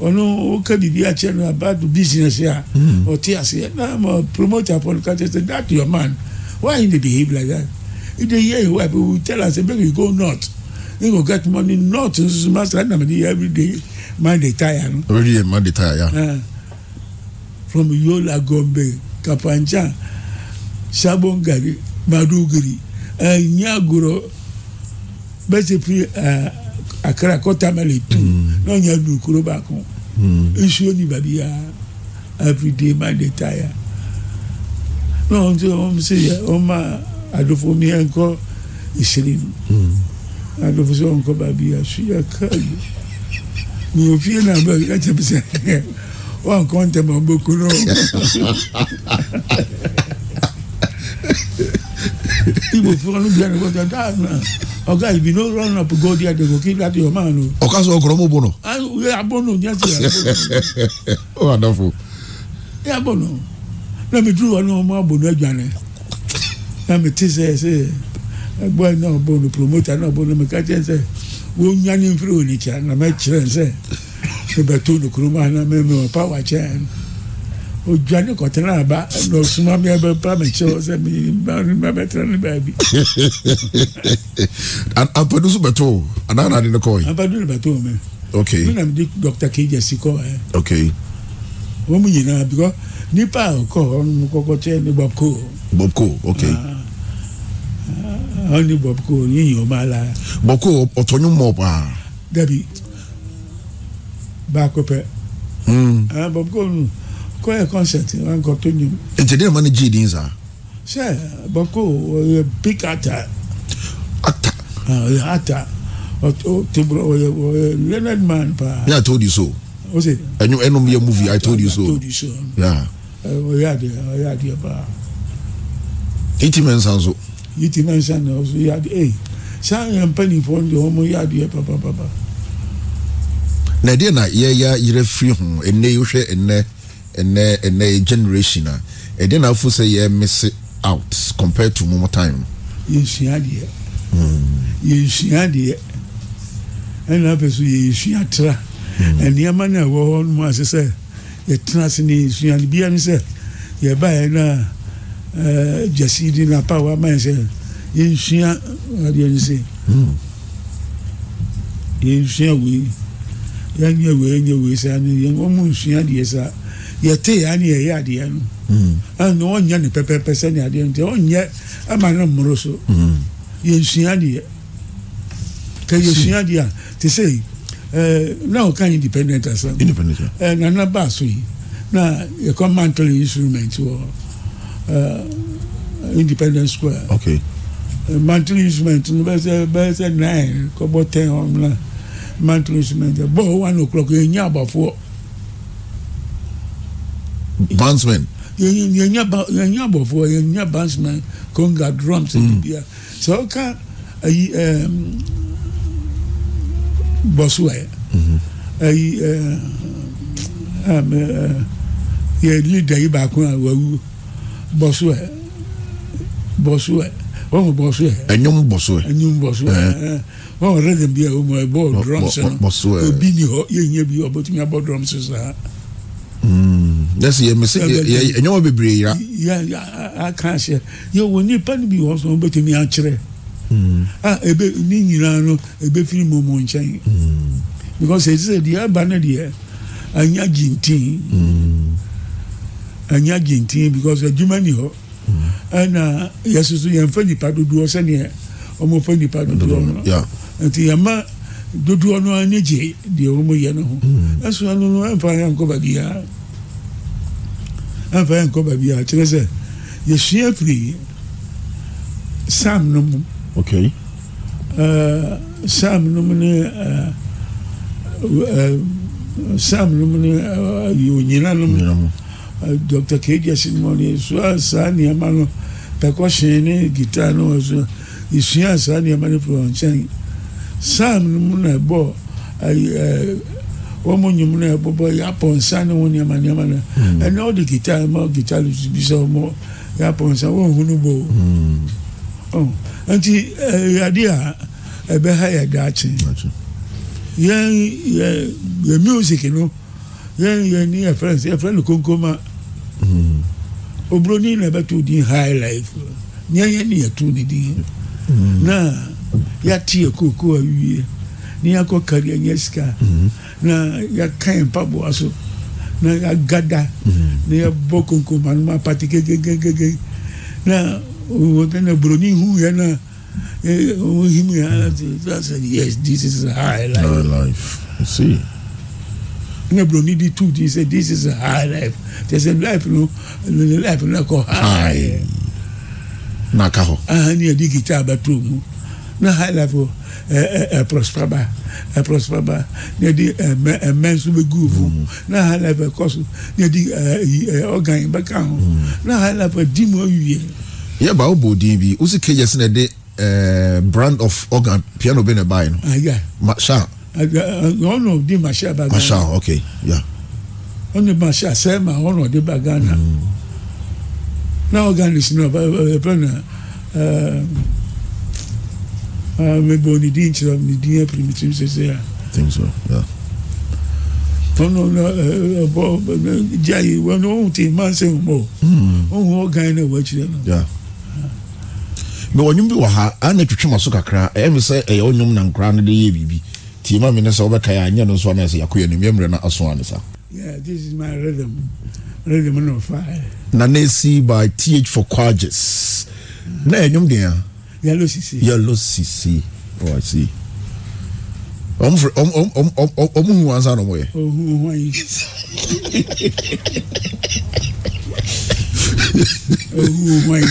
ɔno woka biribi akyerɛ no about business a ɔte aseɛ na ma promote apɔlika kyerɛ sɛ that your man why you dey behave like that you dey hear your wife will tell am say make you go north you go get money north nsusu master na mede every day man dey tire no. every day man dey tire ya. Yeah. Ah. from yola gombe kapancha sabongari maduguri eh, nyagoro bẹsẹ fi. Uh, eh, Accra kɔta ma le tu na ɔnya du kuro baako nsuo ni baabi mm. ya everyday man de ta ya na ɔn ti ɔn se ya ɔn ma adofo mi yɛ nkɔ esiri no adofo sɛ ɔn kɔ baabi ya su ya kaayi mi o fie na bɛ ɛ kyɛ bisɛ ɛ wọn kọ́ ń tẹ̀ mọ́ bó Igbo fún ọdún bíi ẹnì kan tẹ ìbí ló rọrùn up go there they go kill that your man o. ọ̀ka sọ ọkùnrin mú bọ̀nà. ẹ abọ́nà ní ẹsẹ̀ abọ́nà. ó wà dáfo. ẹ oh, abọ́nà náà mi dúró ọdún ọmọ abọ́nà ẹja e rẹ náà mi ti sẹ ẹsẹ ẹgbẹ́ náà bọ́nà promoter náà bọ́nà mi ká tiẹ̀ sẹ wọ́n nyá ní nfiri òní kyerẹ́ náà mẹ́ kyerẹ́ nsẹ́ ẹ bẹ̀ tó nìkúrú mọ́ àná mẹ́mi wọ́n pa wà kyẹ́ ẹ̀ odwa ne kɔtena aba na ɔsoma mi abɛpa mɛkyɛ hɔ sɛ meba bɛtena ne baabi ampadu so bɛto o anaa nade no kɔe ampadu no bɛto o me okay me na mede dr kagya si kɔ ɛ okay wɔn mu nyinaa because nipa a ɔkɔ hɔ no kɔkɔ kyɛ ne bob cole bob cole okay ɔne ah, ah, bob cole yiyin ɔmo ala bob cole ɔtɔnyo mɔ paa dabi baako pɛ bob cole no kɔyɛ concert wọn kɔ tó nyim. nkyɛnni ɛma ne gye din saa. sɛ bɔkɔ ɔyɛ big ata. ata. ɔyɛ ata o teburo ɔyɛ ɔyɛ leonard man pa yeah i told you so. o se. ɛnu ɛnu yɛ movie i told you so. i told you so. yeah. ɔyɛ adiɛ ɔyɛ adiɛ paa. iti mɛ nsa nso. iti mɛ nsa di ɔso yɛ adiɛ ee saa yɛ mpanyinfoɔ deɛ wɔn yɛ adiɛ papapapa. na ɛdeɛ na yɛ yɛ yɛrɛ firi ho ɛnɛ yi wohwɛ ɛnɛ ɛnɛ ɛnɛ generation a ɛde na afo sɛ yɛ miss out compared to more time. yɛnsua deɛ yɛnsua deɛ ɛna afɛ so yɛnsua tra hmm. nneɛma no a ɛwɔ hɔ no mu ase sɛ yɛtena ase ne yɛnsua no bia ne sɛ yɛbaeɛ no a gyasi di na pa wa ma yɛ sɛ yɛnsua adeɛ no se hmm. yɛnsua wei yɛanyɛ wei anyɛ wei saa no yɛn wɔn mu nsua deɛ saa yɛte yɛa ne yɛyɛ adeɛ no ɛno hmm. ah, ɔnyɛ ne pɛpɛpɛ sɛ ne adeɛ nti ɔnyɛ ama no mmoro so hmm. yɛnsua deɛ ka yɛsua deɛ a te sɛ eh, na ɔka independent asɛm eh, nana baa so yi na yɛkɔ mantle instrument wɔ uh, eh, independent square okay. uh, mantle instrument no bɛsɛ bɛsɛ nine kɔbɔ ten hɔ na mantle instrument bɔɔ one o'clock yɛnya abafoɔ bansmen. yɛnya abɔfoɔ yɛnya bansmen conga drums bibia sɛ ɔka ayi bɔsoɛ ayi yɛ leader yi baako a wawu bɔsoɛ bɔsoɛ wọn kò bọ so mm-hmm. yẹ. ẹnyọm bọ so yẹ. ẹnyọm bọ so yẹ wọn kò rẹdẹ bi ọmọ ẹ bọ drums náà obi ni họ yẹ n yẹ bi ọbẹ tí mi abọ drums sáà. Mm that's yɛ mesi yɛ ɛnyɛnwa bebree yira. yɛ aka ahyɛ yɛ wɔ nipa ni bi wɔ so wɔbɛtumi akyerɛ a ebe ne nyinaa no ebe firi mɔmɔ nkyɛn hmm. because esi sɛ deɛ aba ne deɛ anya gintin hmm. anya gintin because adwuma ni hɔ ɛna yɛsoso yɛnfɛ nipa dodoɔ sɛnea wɔmɔfɛ nipa dodoɔ no nti yɛma dodoɔ no anigye deɛ wɔmɔ yɛ no ho hmm. ɛsoa no no ɛmfa yɛnkɔ baabiara ɛnfa yɛn nkɔ baabi a kyerɛ sɛ yɛsua firi sam no mu okay. sam no mu ne uh, sam no mu ne uh, onyina no mu yeah. uh, dr kgs no mu yɛsua saa nneɛma no percussion ne guitar no wɔso yɛsua saa nneɛma no firi wɔn nkyɛn sam no mu na ɛbɔ wɔn mu nyim no ɛbobɔ yɛ apɔnsa ne ho nneɛma nneɛma no ɛnna ɔde gita ɛma gita lusi bi sɛ ɔmo yɛ apɔnsa wɔn ho no bo ɔn nti ɛyade a ɛbɛha yɛ daakye yɛn yɛ yɛ music no yɛn yɛn ni yɛ friends yɛ friend konkoma hmm. oburoni na ɛbɛto di high life yɛn yɛn ni yɛ to ni di na yɛate yɛ kooko awie na yɛakɔ kari anya sika mhm. na yɛka mpaboa so na yɛagada mhm. na yɛbɔ konkomanoma apate gegegege na na buroni hu yɛ na e, ohim yɛ said yes this is high life, high life. see na buroni di tu di sɛ this is high life tɛ sɛ life no life no ɛkɔ high na ka hɔ aha ne yɛde gita abɛto mu na high life hɔ ɛprɔspraba ɛprɔspraba ne yɛde ɛmɛ ɛmɛ nso bɛ gu fo na high life ɛkɔ so ne yɛde ɛɛ ɔgan bɛka ho na high life ɛdi mu awie. yɛ ba o bɔ din bi o si kejì ɛsɛn ɛde brand of organ piano bɛ na ba yi no. ayiwa masha. ɔnà di masha ba ghana. masha ok ya. ɔnà masha sɛma ɔnà di ba ghana. na organ is na ɛɛ ɛɛ ɛɛ mebɔ ne din kyerɛ ne din apiri me tirim sese a ɔno ɔbɔ gyae wɔno ɔhu te ma nsɛm mɔ ɔhu ɔgan no eh, eh, eh, wɔakyerɛ no mewɔ nwom bi wɔ ha ana twitwe ma so kakra ɛyɛ me sɛ ɛyɛ ɔnwom na nkora no de yɛ biribi tie ma me ne sɛ wobɛkae a nyɛ no nso ana sɛ yɛakoyɛ no miammerɛ no aso ane sa na na ɛsi by th for quages na ɛnwom den a yellow cc. yellow cc oh i see. ọmụ fere ọmụ ọmụ ọmụ ọmụ hụ ansa na ọmụ yẹ. ohun ohun ayi. ohun ohun ayi.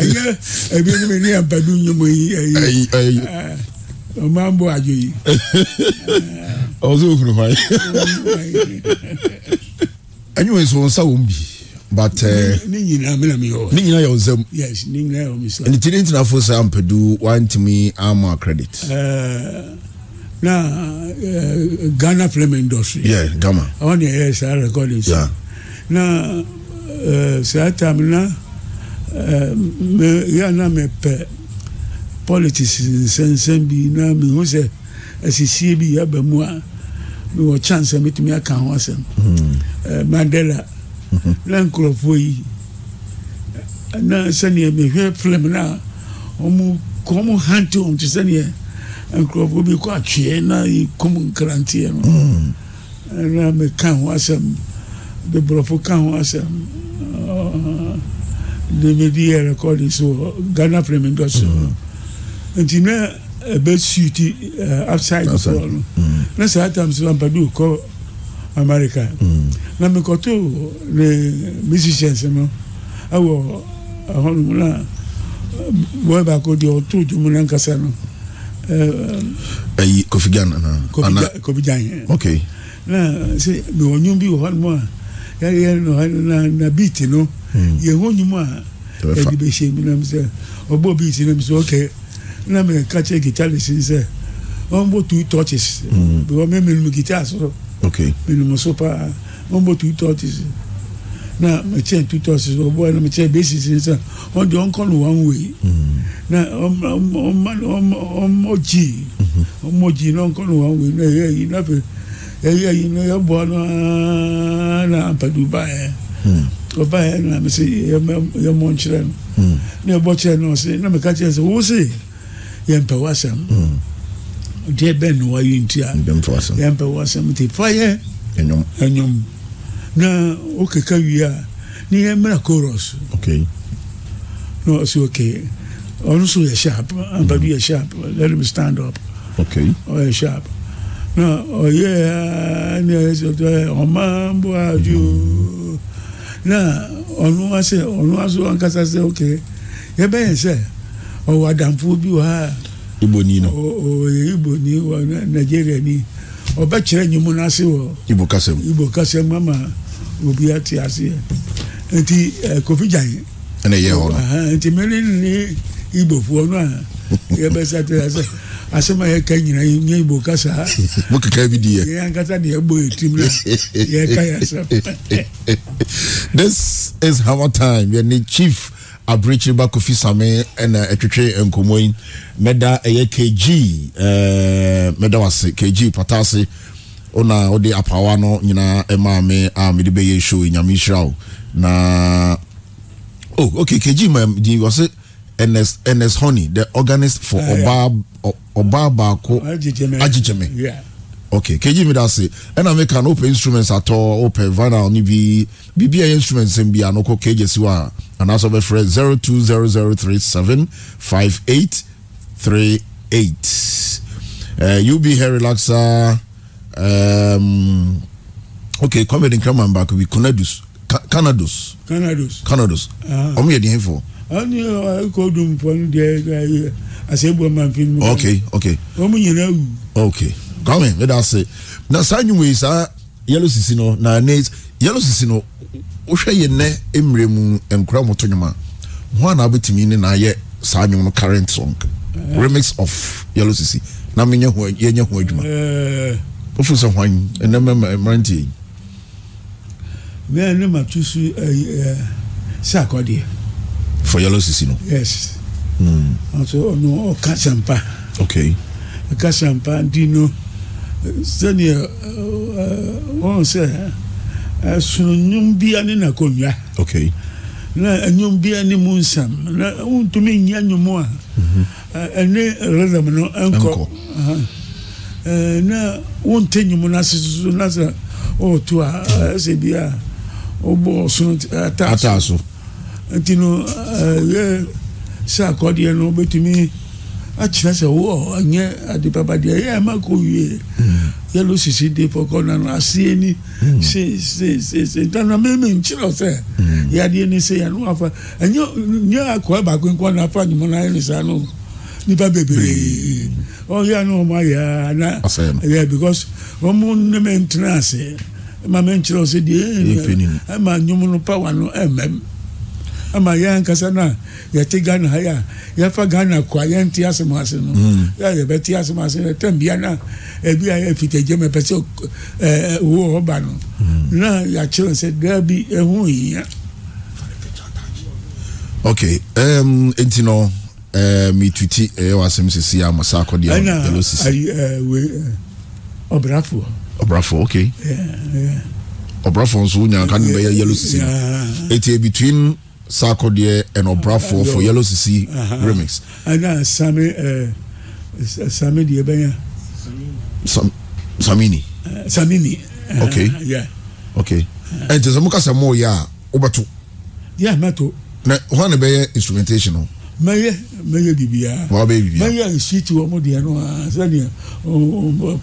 ayé ebi ẹni mi ní abadu nyomo yi ayi ayi ọmọ anbọ ajo yi. ọzọ okuru hwa yi. anyị nwere nsọ nsa wọ m bi but ne nyinaa na mi yɔ ne nyinaa yɛ nsɛm yes ne nyinaa yɛ nsɛm ɛni ti ne ntina fo saa wantumi ama credit. Eh, na uh, ghana film industry. yeah ghana. ɔn de yɛ saa recording. Yeah. na uh, saa time na yà na mɛ pɛ politics nsɛnsɛn bi na mi ho sɛ asisie bi yɛ bɛ mu a mi wɔ chance mi tumi aka ho asɛm. Hmm. mandela na nkurɔfoɔ yi na sɛneɛ mehwɛ film no a ɔmo kɔn hante wɔn te sɛneɛ nkurɔfoɔ bi kɔ atweɛ na kɔm nkranteɛ no na meka ho asɛm beborɔfo ka ho asɛm dvd yɛ recording so ghana film industry nti na ɛbɛsuiti upside foɔ no na saa tam so ampade okɔ america na mekɔto ne musicians no ɛwɔ ɛhɔnom na bɔɛ baako deɛ ɔtoo dwom no ankasa no ayi kofi gyan uh, kofi gyan okay na sɛ mewɔ nwom bi wɔ hɔnom a yɛyɛ no na na beat no yɛho nwom a ɛde bɛhyɛ mu nam sɛ ɔbɔ beat nam sɛ ɔkɛ na meka kyerɛ guitarist sɛ ɔmbɔ two touches because mɛmɛnum guitar soro okay minimu so paa wọn bɔ two thirties na mɛ kyɛn two thirties wɔ bɔ ɛna mɛ kyɛn basis ni sisan wọn jɔ ɔnkɔ no one way na ɔmɔ gyi ɔmɔ gyi na ɔnkɔ no one way na ɛyɛ ɛyi na fɛ ɛyɛ ɛyi na ɛyɛ bɔ mm. na na apadu ba yɛ ɔba yɛ na mɛ se yɛ mɔ nkyerɛ no na ɛbɔ kyerɛ na ɔse na mɛ ka kyerɛ sɛ wɔsi yɛn pɛ wasɛm. Mm deɛ bɛn na wayɛ nti a yɛmpɛ wɔ asɛm nti fa yɛ ɛnwom na wokeka wie a ne yɛmmra koros na ɔse ok ɔno nso yɛ sharp abadu yɛ sharp let him stand up okay. ɔyɛ sharp na ɔyɛ ne ɛsɛ ɔma mboa adwo na ɔno asɛ ɔno aso ankasa sɛ ok yɛbɛyɛ sɛ ɔwɔ adamfoɔ bi wɔ ha a ibo ni no oye ibo ni wa nigeria ni ɔbɛkyerɛ nyimu n'ase wɔ ibo kasɛm ibo kasɛm ama obi ate aseɛ nti ɛ kofi gyan ɛna ɛyɛ hɔ nti mene ne ibo foɔ no a yɛbɛsa te sɛ asɛm a yɛka nyina nyɛ ibo kasa mo keka bi diɛ yɛ ankasa ne yɛbɔ yɛtim na yɛka yɛsɛm this is our time yɛne chief abirikyiri ba kofi same ɛna ɛtwitwe nkɔmɔ yi mɛda ɛyɛ kg ɛɛ mɛda wase kg pata ase ɔna ɔde apawa no nyinaa ɛmaa mi a mɛde bɛyɛ show nyame nhyira o na oh okay kg ma di wɔse ns ns honey the organist for ɔbaa eh, ɔbaa baako agyegyeme okay kg mi da ase ɛna mi ka no open instruments atɔ open vinyl ni bi bibi a yɛ instruments bi a no kg si hɔ a anaasɛ wobɛfrɛ 0200375838 uh, ub hair relaxer um, okay comedy nkraman baako bi conadus canados canados ah. canados ɔmo yɛ dihin fo. ɔni ah, ɛkɔ dun pɔ ni deɛ asebɔ manfin mu. ok ok ɔmo nyina Okay, come kwame Let us say. na saa nyuma yi saa yellow sisi no na ne yellow sisi no wohwɛ yɛ nnɛ mmerɛ mu nkura mu to nwoma ho a na wobɛtumi ne na ayɛ saa nwom no current song remix of yellow sisi na menyɛ ho yɛnyɛ ho adwuma eh. wofu sɛ hwan ɛnɛ mɛma mmeranteɛ yi mɛ mato so eh, eh, sɛ akɔdeɛ for yellow sisi no yes hmm. nso ɔno ɔka sampa okay ɛka sampa nti no sɛneɛ wɔn sɛ ɛsono nnwom bia ne n'akonnwa na nnwom bia ne mu nsɛm na wontumi nnya nnwom mhm. a ɛne rhythm no nkɔ na wonte nnwom no ase soso na sɛ ɔɔto oh, a ɛsɛ bi a wobɔ ɔsono ataa so nti no yɛ sɛ akɔdeɛ no wobɛtumi akyerɛ sɛ wɔ ɛnyɛ ade papa deɛ ɛyɛ ɛma kɔ wie hmm. yɛlo sisi de pɔkɔ na no aseɛ ni hmm. se se se se ntana mɛmɛ nkyerɛ sɛ hmm. yadeɛ ni se yɛn no afa ɛnyɛ nyɛ akɔɛ baako nkɔ na afa nyuma na ayɛ ne saa no nipa bebree ɔyɛ no ɔmo ayɛ ana ɛyɛ because ɔmo ne mɛ ntena ase ɛma mɛ nkyerɛ sɛ deɛ ɛma nyɔmu no pawa no ɛmɛm ama yɛn ankasa no a yɛte ghana ha yi a yɛfa ghana kɔ a yɛnte asɛm ase no yɛ hmm. yɛbɛte asɛm ase no ɛtam bia e e, e, no a hmm. ebi a yɛfitagyam ɛpɛ sɛ ɛɛ owó ɔba no na yɛakyerɛ sɛ daa bi ɛho hia okay um, nti no metuti ɛyɛ w'asɛm sisi a masa akɔdeɛ yɛlo sisi ɔbrafoɔ ɔbrafoɔ okay ɔbrafoɔ nso wonya ka no bɛyɛ yellow sisi no ɛti between sako deɛ ɛna ɔbrafoɔ for yellow sisi remix. ɛna sami ɛɛ sami deɛ bɛnya. samini. samini. okay yeah. okay ɛn sɛ mo kasa mo yɛ a o to. yɛ mɛ to. na hɔn na bɛ yɛ instrumentation o. mɛ yɛ mɛ yɛ bibiya. wa bɛ bibiya. mɛ yɛ wɔn mo deɛ no aa sani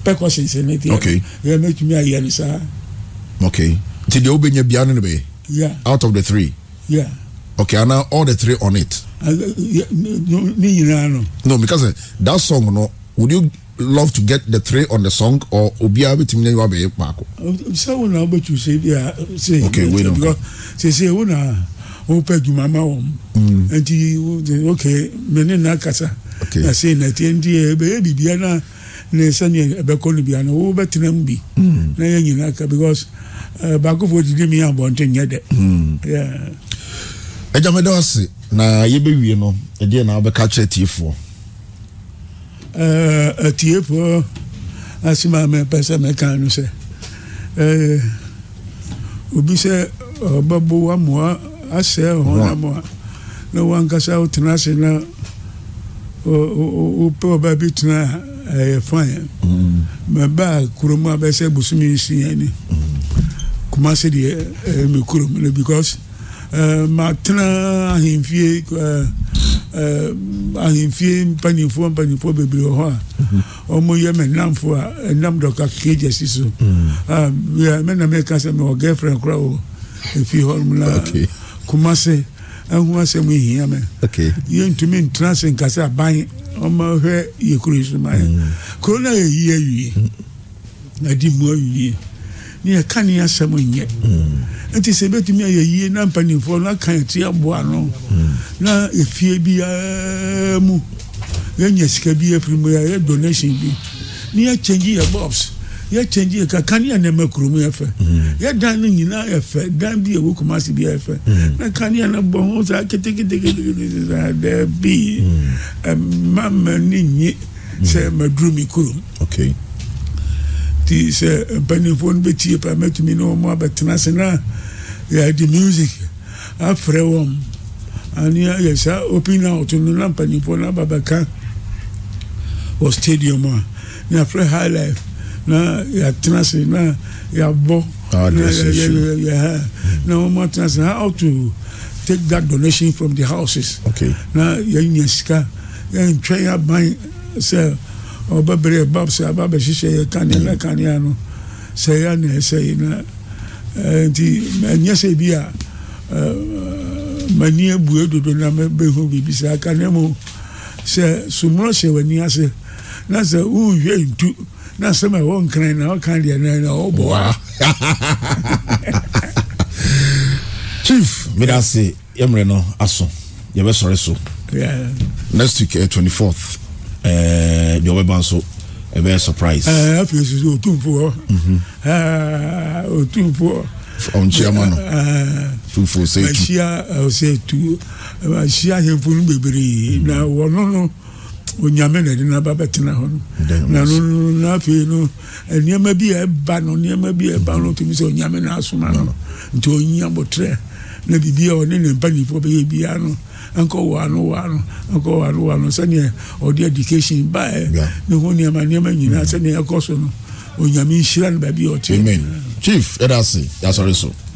percussion sɛ ne tiɛ. okay yɛ mɛ tumi ayɛ ni saa. okay ti deɛ o bɛ nya bia ne bɛ yɛ. yeah out of the three. yeah okay and now all the three on it. mi nyinaa no. no because uh, that song no would you love to get the three on the song or obiara bi tìmí mm. ní wa bẹ̀yẹ paako. sáwọn náà bẹ tù sẹ bíi a sẹ okay wait a minute sẹsẹ wọn na wọn pẹ jùmọ̀ ma wọn. nti okay mẹ ní nà kasa. okay na sẹ nà tiẹ nti ẹ bẹ yẹ bìbí ẹ náà ne sani ɛbɛkɔ no bia no wobɛtena mu bi na yɛ nyinaa ka because baakofoɔ didi mi abɔnten nyɛ dɛ ɛgya mɛda na yɛbɛwie no ɛdeɛ na wobɛka kyerɛ atiefoɔ eh, atiefoɔ asema mɛpɛ sɛ mɛka no sɛ eh, obi sɛ eh, ɔbɛbo wamoa asɛe ɔhɔnamoa na wankasa wotena ase na wopɛ ɔba bi tena a ɛyɛ fae mɛbaa mm. kurom a bɛsɛ bosome nsiani mm. kumase deɛ me kurom no because Eh, matena ahemfie eh, eh, ahemfie mpanimfoɔ mpanimfoɔ bebree wɔ hɔ a mhm. ɔmo yɛ mɛ namfo a ɛnam dɔka kegye si so mɛna mm. ah, mɛka sɛ mɛwɔ girlfriend kora wɔ ɛfie hɔ nom na kumase ɛho asɛm ehia mɛ yɛntumi ntena se nkasa aban ɔma hwɛ yɛ kuro yi so ma yɛ mm. kuro no a yɛyi awie mm. adi mu awie ne yɛka ne asɛm nyɛ nti sɛ ɛbɛtumi ayɛ yie na mpanimfoɔ no aka ɛte aboa no na ɛfie biaa mu yɛnya sika bi afiri mu yɛyɛ donation bi ne yɛkyɛngye yɛ bobs yɛkyɛngye yɛ kaka ne yɛnɛma kurom yɛfɛ yɛdan no nyinaa yɛfɛ dan bi ɛwɔ kumase bi yɛfɛ na kanea no bɔ ho saa keteketekete saa daabi ɛma ma ne nye sɛ maduru me kurom okay nti sɛ mpanimfoɔ no bɛtie paa mɛtumi ne wɔn abɛtena ase na yɛde music afrɛ wɔn ani ayɛ saa open out no na mpanimfoɔ no aba bɛka wɔ stadium a na yɛafrɛ high life na yɛatena ase na yɛabɔ ah, na wɔn atena ase how to take that donation from the houses okay. na yɛnya sika yɛntwɛn aban sɛ. So, ɔbɛbrɛ bab sɛ aba bɛhyehyɛ yɛ kanea na kanea no sɛ yɛ ana ɛsɛi na nti ɛnyɛ sɛ bi a m'ani abue dodo na mɛbɛhu biribi saa kanea mu sɛ somorɔ hyɛ w'ani ase na sɛ wohwɛ ntu na asɛm a ɛwɔ nkran na ɔka deɛ no na ɔbɔ chief mede ase yɛmmerɛ no aso yɛbɛsɔre so next week 24th eh, deɛ ɔbɛba nso ɛbɛyɛ surprise. ɛɛ afei soso otumfoɔ ɛɛ otumfoɔ. ɔnkyiama no tufoɔ sɛ tu. mahyia ɔsɛ tu mahyia ahemfo no bebree na wɔno no onyame na ɛde n'aba bɛtena hɔ no na no no n'afei no nneɛma bi a ɛba no nneɛma bi a ɛba no tumi sɛ onyame na asoma no nti onyi abotire na biribi a ɔne ne mpanimfoɔ bɛyɛ biara no nkɔ wɔ ano wɔ ano nkɔ wɔ ano wɔ ano sɛnea ɔde education baɛ ne ho nneɛma nneɛma nyinaa mm. sɛnea ɛkɔ so no onyame nhyira no baabi ɔte. amen chief ɛda ase yasɔre so.